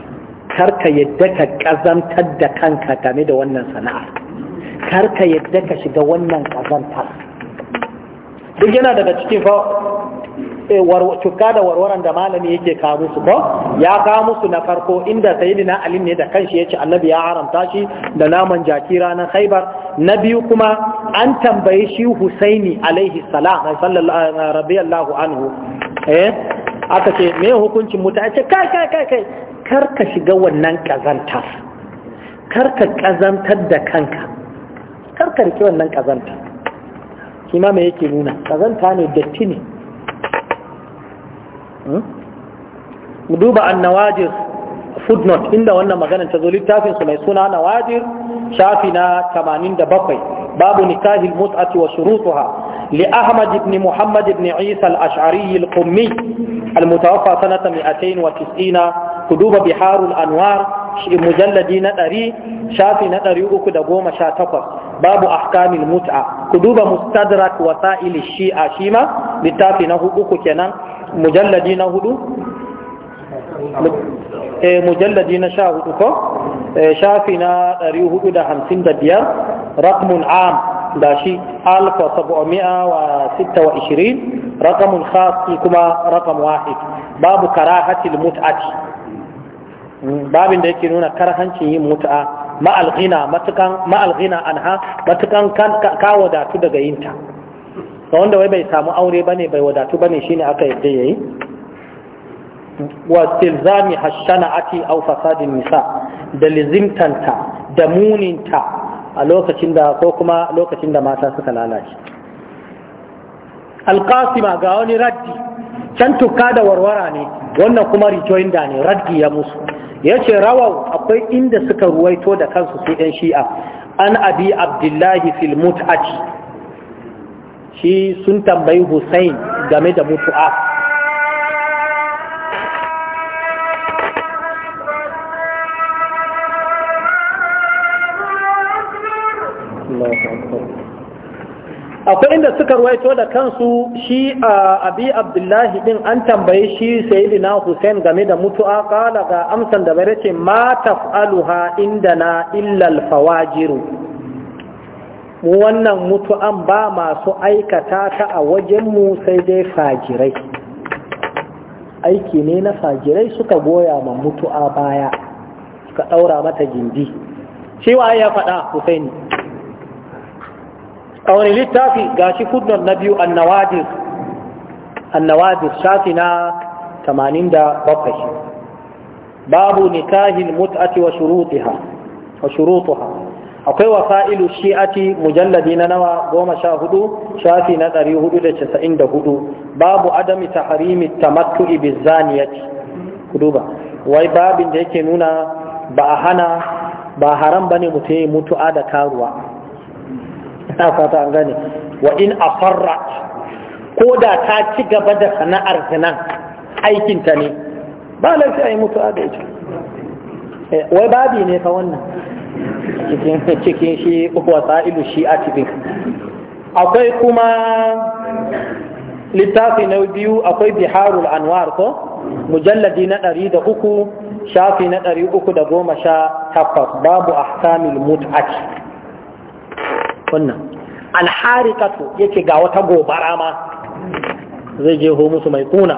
karka yadda ka kazantar da kanka game da wannan sana'ar karka yadda ka shiga wannan ƙazantar duk yana daga cikin fa eh, cuka da warwaran da malami yake kawo musu ya kawo musu na farko inda na ali ne da kanshi ya ce annabi ya haramta shi da naman jaki ranar haibar na biyu kuma an tambayi shi husaini alaihi salam eh, sallallahu eh, anhu eh aka ce me hukuncin mutu a ce kai kai kai kar ka shiga wannan kazantar, kar ka ƙazantar da kanka kar ka riƙe wannan kazantar, kima mai yake nuna ƙazanta ne datti ne hmm? duba annawajir footnote inda wannan maganar ta zo littafinsu mai suna nawajir shafi na 87 babu nikahil mut'ati wa shurutuha لأحمد بن محمد بن عيسى الأشعري القمي المتوفى سنة 290 ku duba biharul anwar mujalladi na ɗari shafi na ɗari uku da goma sha takwas babu ahkamil mut'a ku duba mustadrak wasa'il shi'a shi ma littafi na uku kenan mujalladi na hudu mujalladi na sha hudu ko shafi na ɗari hudu da hamsin da biyar rakmun am da shi alfa sabu'ami'a wa sitta wa ishirin rakamun khasi kuma rakam wahid babu karahatil mut'ati babin da yake nuna karhancin yin mutu'a ma'alghina matukan ma'alghina anha matukan ka wadatu daga yinta ga wanda wai bai samu aure bane bai wadatu bane shine aka yadda yayi wa tilzami Ati, aw fasadin nisa da lizimtanta da muninta a lokacin da ko kuma lokacin da mata suka lalace alqasima ga wani raddi can tukka da warwara ne wannan kuma rejoinder ne raddi ya musu ya ce akwai inda suka ruwaito da kansu su ɗan shi'a an abi abdullahi fil mut'ati shi sun tambayi hussain game da mutu'a akwai inda suka ruwaito da kansu shi a abi abdullahi din an tambaye shi sayyidina hussein game da mutu'a kala ga amsan da bare ce ma taf'aluha inda na illal mu wannan mutu'an ba masu aikata ta a wajenmu sai dai fajirai aiki ne na fajirai suka goya ma mutu'a baya suka daura mata gindi shi waye ya faɗa husaini a wani littafi gashi fudnon na biyu annawadis annawadis shafi na 87 babu nikahil mut'ati wa shurutiha wa shurutuha akwai wasa'ilu shi'ati mujalladi na nawa goma sha hudu shafi na ɗari hudu da casa'in da hudu babu adami taharimi tamattu'i bizaniyati duba wai babin da yake nuna ba a hana ba haram bane mutum ya mutu'a da karuwa na fata an gane wa in afarra ko da ta ci gaba da sana'ar zinan aikinta ne ba laifi a yi mutu a da ita wai babi ne ka wannan cikin shi wasa'ilu shi a cikin akwai kuma littafi na biyu akwai biharul anwar ko mujalladi na ɗari da uku shafi na ɗari uku da goma sha takwas babu ahkamil mut'ati wannan alharikatu yake ga wata gobara ma zai je ho musu mai kuna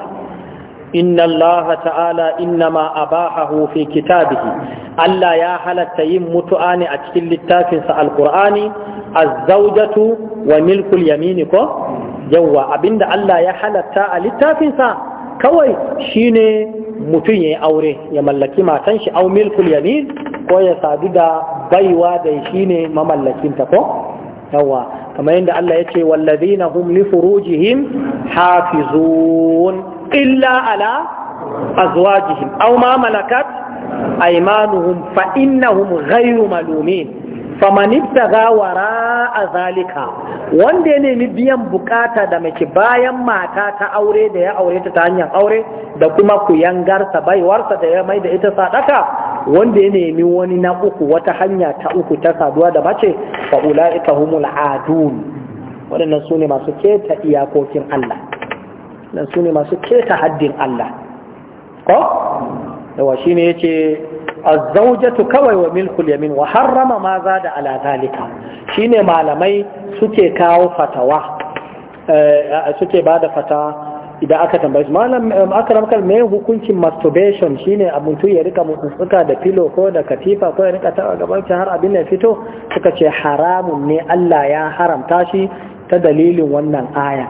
inna allaha ta'ala innama abahahu fi kitabihi Allah ya halatta yin mutu'a ne a cikin littafinsa alqur'ani az wa milkul yamini ko abin abinda Allah ya halatta a littafinsa kawai shine mutum ya yi aure ya mallaki matan shi au milkul yamin ko ya sadu da baiwa da shi ne mamallakinta ko yawa kamar yadda Allah ya ce wallazina hum li furujihim hafizun illa ala azwajihim aw ma malakat aymanuhum fa innahum ghayru malumin famanita ga wara a zalika wanda ya nemi biyan bukata da mace bayan mata ta aure da ya aure ta hanyar aure da kuma kuyangarsa baiwarsa da ya mai da ita sadaka wanda ya nemi wani na uku wata hanya ta uku ta saduwa da mace fa ula'ika humul adun waɗannan su ne masu keta iyakokin Allah su ne masu keta haddin Allah ko yawa shine yace azzaujatu kawai wa milkul yamin wa harrama da ala zalika shine malamai suke kawo fatawa suke idan aka tambaye malam akaramkar me hukuncin masturbation shine a mutum ya rika mutsuka da filo ko da katifa ko ya rika ta gabanci har abin da fito suka ce haramun ne Allah ya haramta shi ta dalilin wannan aya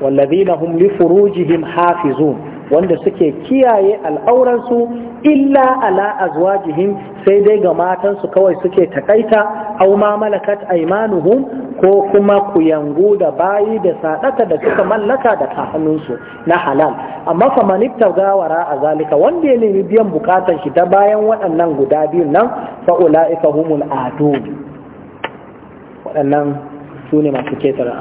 wallazina hum li furujihim hafizun wanda suke kiyaye al'auransu illa ala azwajihim sai dai ga matansu kawai suke takaita aw ma malakat aymanuhum ko kuma ku kuyangu da bayi da sadaka da suka mallaka da hannunsu na halal amma fa man gawara a zalika wanda ya nemi biyan bukatar shi ta bayan waɗannan guda biyun nan fa ulaika humul adun waɗannan su ne masu ketare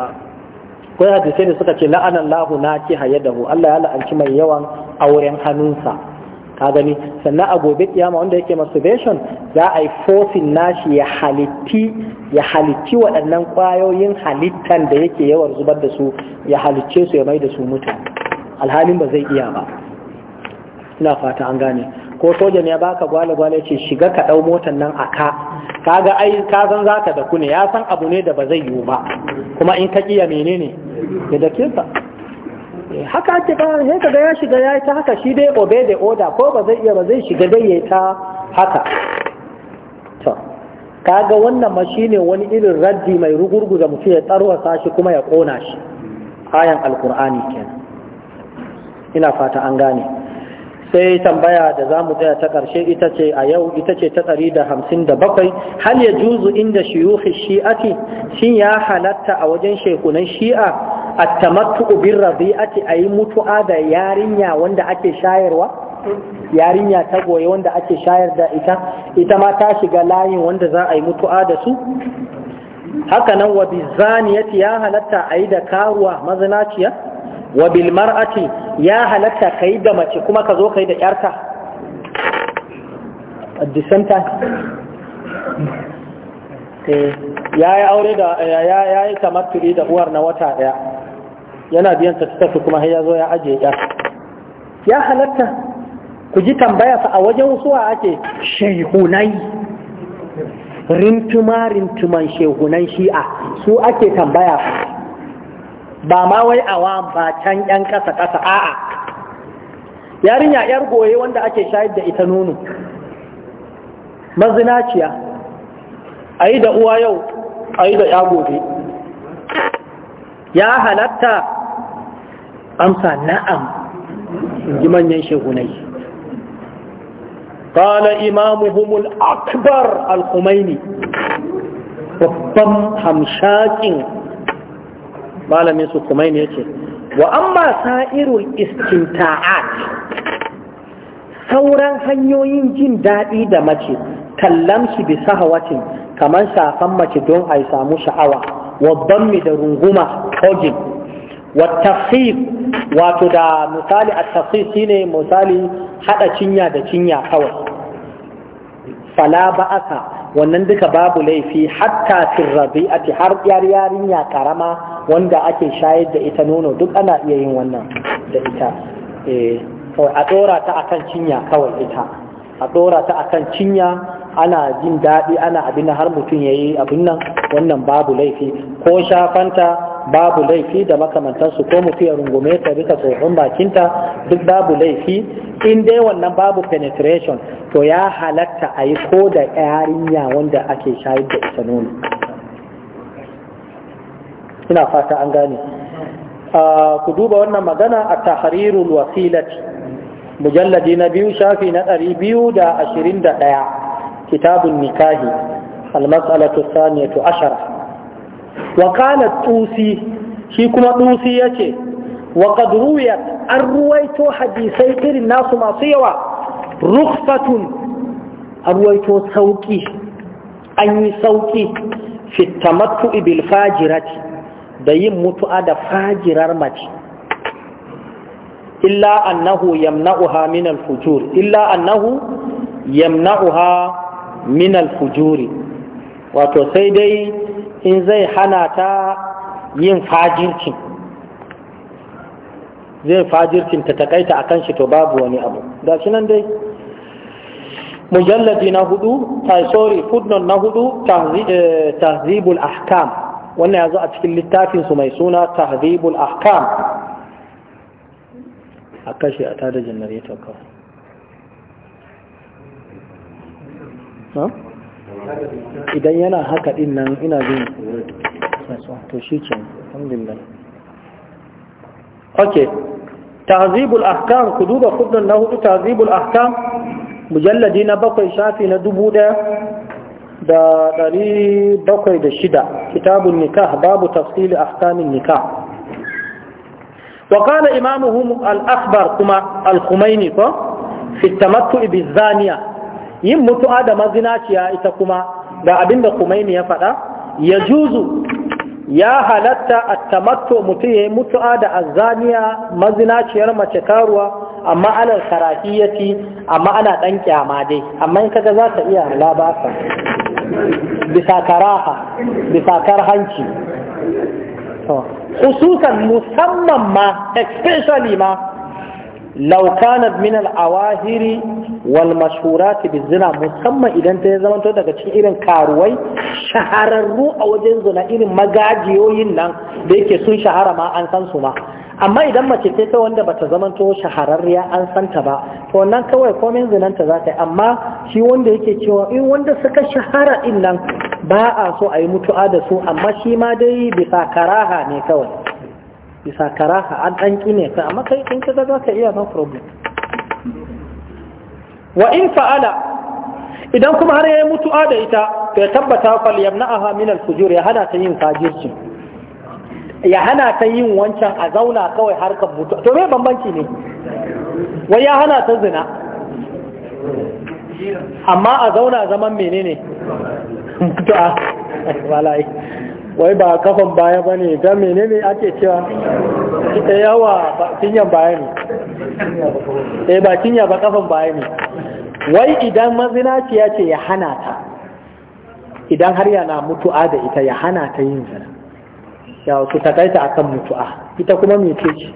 akwai hadisai da suka ce la'anan lahu na ki hayadahu Allah ya la'anci mai yawan auren hannunsa ka gani sannan a gobe kiyama wanda yake masturbation za a yi forcing nashi ya halitti ya halitti waɗannan ƙwayoyin halittan da yake yawan zubar da su ya halicce su ya mai da su mutu, alhalin ba zai iya ba ina fata an gane ko sojan ya baka gwale-gwale ce shiga ka ɗau motan nan a ka kaga ai ka san zaka da ku ne ya san abu ne da ba zai yiwu ba kuma in ka kiya menene ya da kinsa eh, haka ake ba ka ga ya shiga ya ta haka shi dai obey the oda ko ba zai iya ba zai shiga dai ya ta haka to kaga wannan ma shine wani irin raddi mai rugurguza mutum ya tsarwasa shi kuma ya kona shi ayan alkur'ani kenan ina fata an gane sai tambaya da za mu tsaya ta ƙarshe ita ce a yau ita ce ta ɗari da hamsin da bakwai hal ya juzu inda shiyuhi shi'ati shin ya halatta a wajen shekunan shi'a a tamattu rabi rabi'ati a yi mutu'a da yarinya wanda ake shayarwa yarinya ta goye wanda ake shayar da ita ita ma ta shiga layin wanda za a yi mutu'a da su haka nan wa bizaniyati ya halatta a yi da karuwa mazinaciya wa bil mar'ati ya halatta kai da mace kuma ka zo kai da yarka at the same time eh, ya yi aure da eh, ya yi tamatturi da uwar na wata daya yana biyan ta tafi kuma ya zo ya ajiye yar ya halatta ku ji tambaya fa a wajen suwa ake shehunai rintuma rintuman shehunan shi'a su ake tambaya ba ma wai awa ba can yan ƙasa kasa a'a yarinya yar goye wanda ake shayar da ita nono mazinaciya a yi da uwa yau a yi da ya gobe ya halatta amsa na'am in ji manyan shegunai humul akbar al humaini babban hamshakin malamin su kuma ne yace wa amma sa'irul istinta'at sauran hanyoyin jin daɗi da mace kallam shi bi sahawatin kamar shafan mace don a samu sha'awa wa mi da runguma kogin wa tafsir wato da misali a tafsir shine misali hada cinya da cinya kawai fala aka. wannan duka babu laifi hatta ati har yar yarinya karama wanda ake shayar da ita nono duk ana iya yin wannan da ita eh, a dora ta akan cinya kawai ita a dora ta akan cinya ana jin daɗi ana abin har mutum ya yi abin nan wannan babu laifi ko shafanta babu laifi da makamantansu ko mutum ya rungume ta bisa tsohon bakinta duk babu laifi in dai wannan babu penetration to ya halatta a yi ko da yarinya wanda ake shayar da ita nono ina fata an gane ku duba wannan magana a tahrirul wasilat mujalladi na biyu shafi na ɗari biyu da ɗaya kitabun nikahi almas'alatu saniyatu ashara wa qala tusi shi kuma tusi yace wa an ruwaito hadisai irin nasu masu yawa Ruksatun an ruwaito sauki an yi sauki fi tamattu bil fajirati da yin mutu'a da fajirar mace illa annahu yamna'uha min al fujuri wato sai dai in zai hana ta yin fajircin zai fajircin ta takaita a kan shi to babu wani abu ga shi nan dai Mujallaji na hudu sorry footnote na hudu eh, tahzibul ahkam wannan ya zo a cikin littafin su mai suna tahzibul ahkam a kashe a tada janareto kawai idan yana haka din nan ina jin to shi ce alhamdulillah okay tahzibul ahkam ku duba kudin na hudu tahzibul ahkam mujalladi na bakwai shafi na dubu daya da ɗari bakwai da shida kitabun nikah babu tafsili ahkamin nikah وقال إمامهم الأخبر كما الخميني في التمتع بالزانية yin mutu'a da mazinaciya ita kuma da abinda Kumaini ya faɗa ya juzu ya halatta a tamatto mutum ya yi mutu'a da azzaniya mazinaciyar mace karuwa amma ya ci a ana ɗan kyama dai amma in kaga za ta iya la ba ka bisa karaha bisa hanci hususan musamman ma especially ma law kanat min al-awahiri wal mashhurat bizina musamman idan ta zama to daga cikin irin karuwai shahararru a wajen zina irin magajiyoyin nan da yake sun shahara ma an san su ma amma idan mace ce ta wanda bata zama to shahararriya an san ta ba to nan kawai komai zinanta za ta yi amma shi wanda yake cewa in wanda suka shahara din nan ba a so a yi mutu'a da su amma shi ma dai bisa karaha ne kawai bisa karaha an ɗan ne, ta amma kai in ka za ka iya no problem wa in fa'ala idan kuma har ya yi mutu'a da ita to ya tabbata fal yamna'aha min al-fujur ya hana ta yin fajirci ya hana ta yin wancan a zauna kawai harkar mutu to me bambanci ne wai ya hana ta zina amma a zauna zaman menene a wallahi wai ba kafan baya ba ne ga menene ake cewa ita yawa cinyan baya ne E ba kinya ba kafan baya ne wai idan mazinaciya ce ya hana ta idan har yana mutu'a da ita ya hana ta yin zana ya su takaita akan mutu'a ita kuma mece ce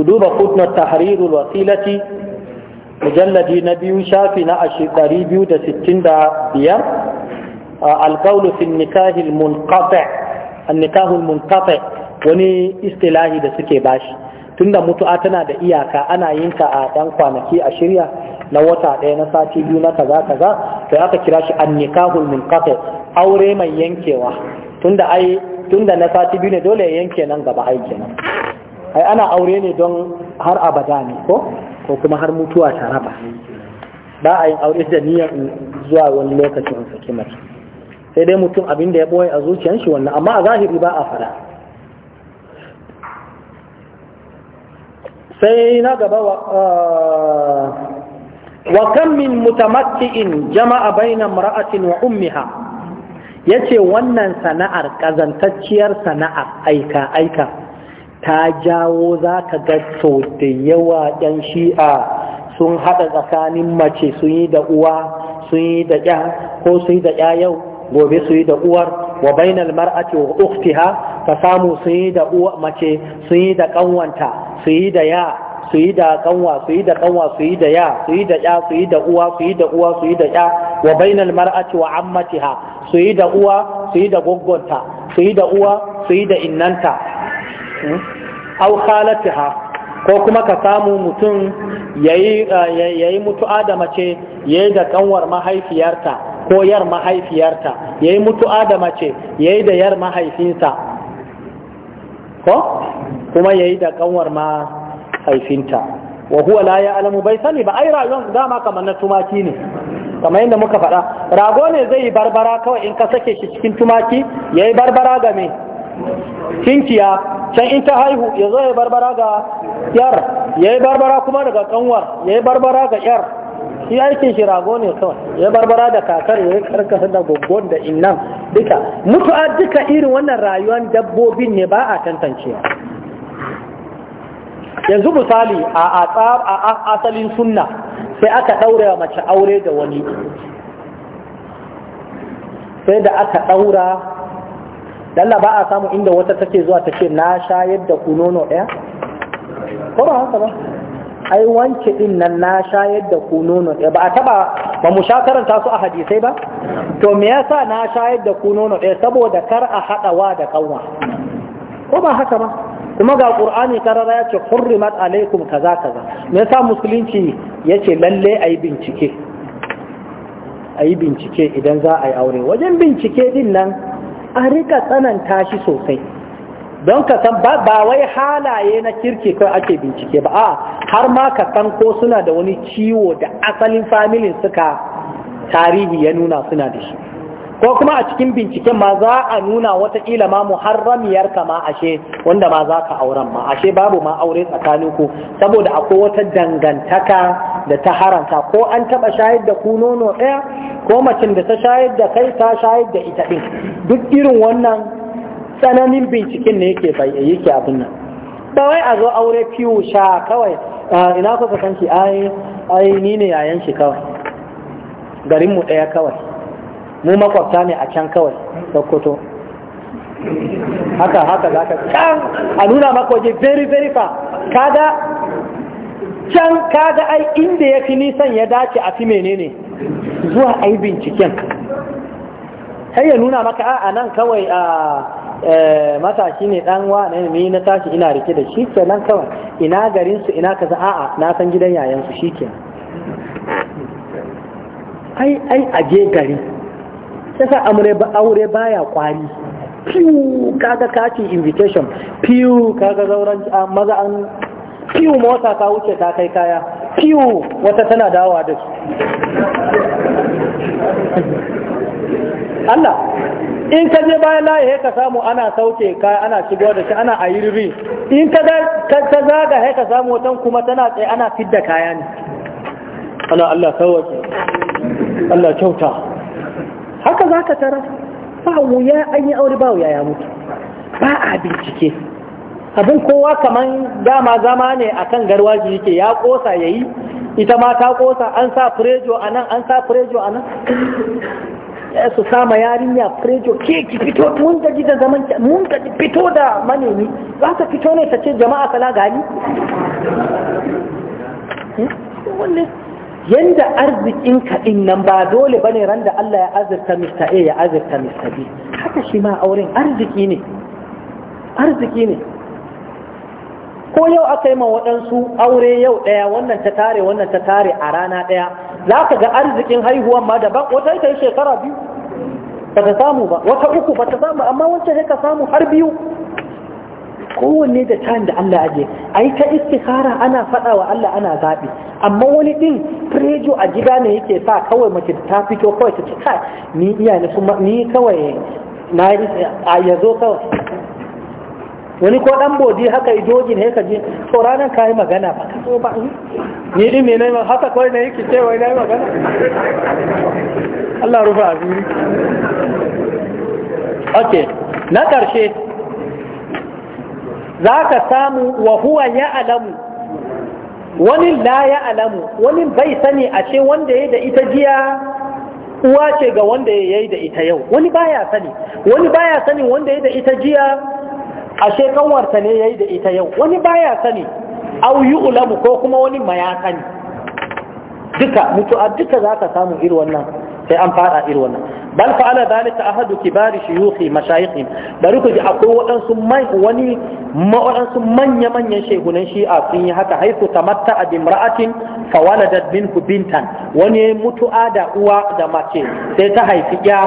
ku duba ta Hariru wasilati mujalladi na biyu shafi na biyar. alqawlu fi nikahi Munkafe, annikahu Munkafe wani istilahi da suke bashi tunda mutu'a tana da iyaka ana yin ta a dan kwanaki a shirya na wata ɗaya na sati biyu na kaza kaza to aka kira shi annikahul Munkafe, aure mai yankewa tunda ai tunda na sati biyu ne dole ya yanke nan gaba ai kenan ai ana aure ne don har abada ne ko ko kuma har mutuwa ta raba ba a yin aure da niyyar zuwa wani lokacin saki mace sai dai mutum abin da ya boye a zuciyar shi wannan amma a zahiri ba a fada sai na gaba uh, wa kam min mutamatti'in jama'a baina mara'atin wa ummiha yace wannan sana'ar kazantacciyar sana'ar aika aika ta jawo za ka ga sau da yawa yan shi'a sun haɗa tsakanin mace sun yi da uwa sun yi da ya ko sun yi da ya yau gobe su yi da uwar wa bainal mar'ati wa ukhtiha ka samu su yi da uwa mace su yi da kanwanta su yi da ya su yi da kanwa su yi da kanwa su yi da ya su yi da ya su yi da uwa su yi da uwa su yi da ya wa bainal mar'ati wa ammatiha su yi da uwa su yi da goggonta su yi da uwa su yi da innanta aw khalatiha ko kuma ka samu mutum ya yi mutu'a da mace ya yi da kanwar mahaifiyarta ko yar mahaifiyarta ya yi mutu'a da mace ya yi da yar mahaifinsa ko kuma ya yi da kanwar mahaifinta wa huwa la ya alamu bai sani ba ai rayuwar dama kamar na tumaki ne kamar yadda muka faɗa rago ne zai yi barbara kawai in ka sake shi cikin tumaki ya yi barbara ga me Kinkiya can in ta haihu ya zo ya barbara ga yar ya yi barbara kuma daga kanwar ya yi barbara ga yar shi aikin shi rago ne kawai ya barbara da kakar ya yi karkasa da gogon da innan duka mutu'a duka irin wannan rayuwar dabbobin ne ba a tantance. yanzu misali a asalin sunna sai aka ɗaure mace aure da wani sai da aka ɗaura dalla ba a samu inda wata take zuwa ta ce na shayar da ku nono ɗaya ko ba haka ba ai wanke ɗin nan na shayar da ku nono ɗaya ba a taba ba mu sha karanta su a hadisai ba to me yasa na shayar da ku nono ɗaya saboda kar a haɗawa da ƙanwa? ko ba haka ba kuma ga ƙur'ani karara ya ce hurrimat alaikum kaza kaza me yasa musulunci yace lalle ayi bincike ayi bincike idan za a yi aure wajen bincike din nan a rika tsananta shi sosai don ka san ba wai halaye na kirki kai ake bincike ba a har ma ka san ko suna da wani ciwo da asalin familin suka tarihi ya nuna suna da shi ko kuma a cikin binciken ma za a nuna wataƙila ma muharramiyar ka ma ashe wanda ma za ka auren ma ashe babu ma aure tsakanin ku saboda akwai wata dangantaka da ta haranta, ko an taba shayar da ku nono ɗaya ko macin da ta shayar da kai ta shayar da ita ɗin duk irin wannan tsananin binciken ne yake yake abin nan ba wai a zo aure fiyo sha kawai ina kuka san shi ai ai ni ne yayan shi kawai garinmu ɗaya kawai mu makwabta ne a can kawai sokoto haka haka za ka can a nuna maka waje very very far kaga can kaga ai inda ya fi nisan ya dace a fi menene zuwa ai binciken sai ya nuna maka a nan kawai a eh, matashi ne dan wa ne ni na tashi ina rike da shi ke nan kawai ina garin su ina kaza a'a na san gidan yayan su shikenan ai ai a je gari yasa aure baya kwari piyu kaga kaci invitation piyu kaga zauren ah, maza an piyu mota ka wuce ta kai kaya piyu wata tana dawa da su Allah in ka je bayan layi ka samu ana sauke kaya ana shigo da shi ana ayirri in ka ta zaga ka samu watan kuma tana tsaye ana fidda kaya ne ana Allah sauwake Allah kyauta haka za ka tara ba wuya an yi aure ba wuya ya mutu ba a bincike abin kowa kaman dama zama ne kan garwaji yake ya kosa ya yi ita ma ta kosa an sa furejo a nan an sa furejo a nan su sama yarinya furejo ke ki fito mun gaji da zaman mun gaji fito da manemi za ka fito ne ta ce jama'a kala gani hmm? yanda arzikin kaɗin nan ba dole bane ran da Allah ya azurta Mr. A ya azurta Mr. B haka shi ma auren arziki ne arziki ne ko yau aka yi ma waɗansu aure yau ɗaya wannan ta tare wannan ta tare a rana ɗaya za ka ga arzikin haihuwan ma daban wata ita yi shekara biyu ba ta samu ba wata uku ba ta samu amma wancan ka samu har biyu kowanne da time da Allah aje ai ta istikhara ana fada wa Allah ana zaɓi amma wani ɗin prejo a gida ne yake sa kawai mace ta fito kawai ta ce kai ni iya ni kuma ni kawai na a yazo kawai wani ko dan bodi haka ne haka je to ranar ka yi magana ba ka so ba ni din me nayi haka kawai na yake cewa na yi magana Allah rufa asiri okay na karshe za ka samu wa huwa ya alamu wani la ya alamu wani bai sani a ce wanda ya da ita jiya uwa ce ga wanda ya yi da ita yau wani baya sani wani baya sani wanda ya da ita jiya ashe kanwarta ne ya yi da ita yau wani baya sani au yi ulamu ko kuma wani ma ya sani duka mutu'a duka za ka samu irin wannan sai an fada irin wannan bal fa'ala dalika ahadu kibari shuyukhi mashayikh bari ku ji akwai waɗansu mai wani waɗansu manya manyan shehunan shi'a sun yi haka haifu tamatta a bimra'atin fa waladat minhu bintan wani mutu'a da uwa da mace sai ta haifi ya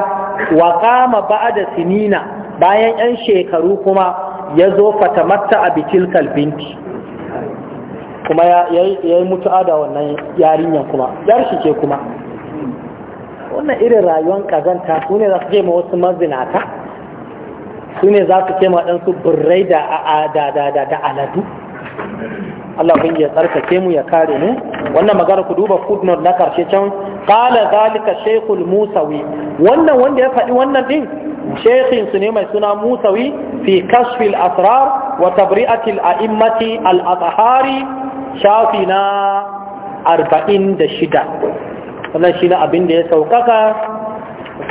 wa qama ba'da sinina bayan yan shekaru kuma ya zo fatamatta a bitilkal binti. kuma ya yi mutu'a da wannan yarinyan kuma yar shi ce kuma wannan irin rayuwar kazanta su ne za su je ma wasu mazinata su ne za su ce ma ɗansu burrai da aladu Allah bin ya tsarkake mu ya kare mu wannan magana ku duba footnote na karshe can qala zalika shaykhul musawi wannan wanda ya faɗi wannan din shaykhin su ne mai suna musawi fi kashfil asrar wa tabri'atil a'immati al-athhari shafi na 46 wannan na abin da ya saukaka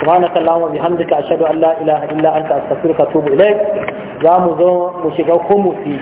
subhanaka allahumma bihamdika ashhadu an la ilaha illa anta astaghfiruka wa atubu ilaik za mu zo mu shiga kumusi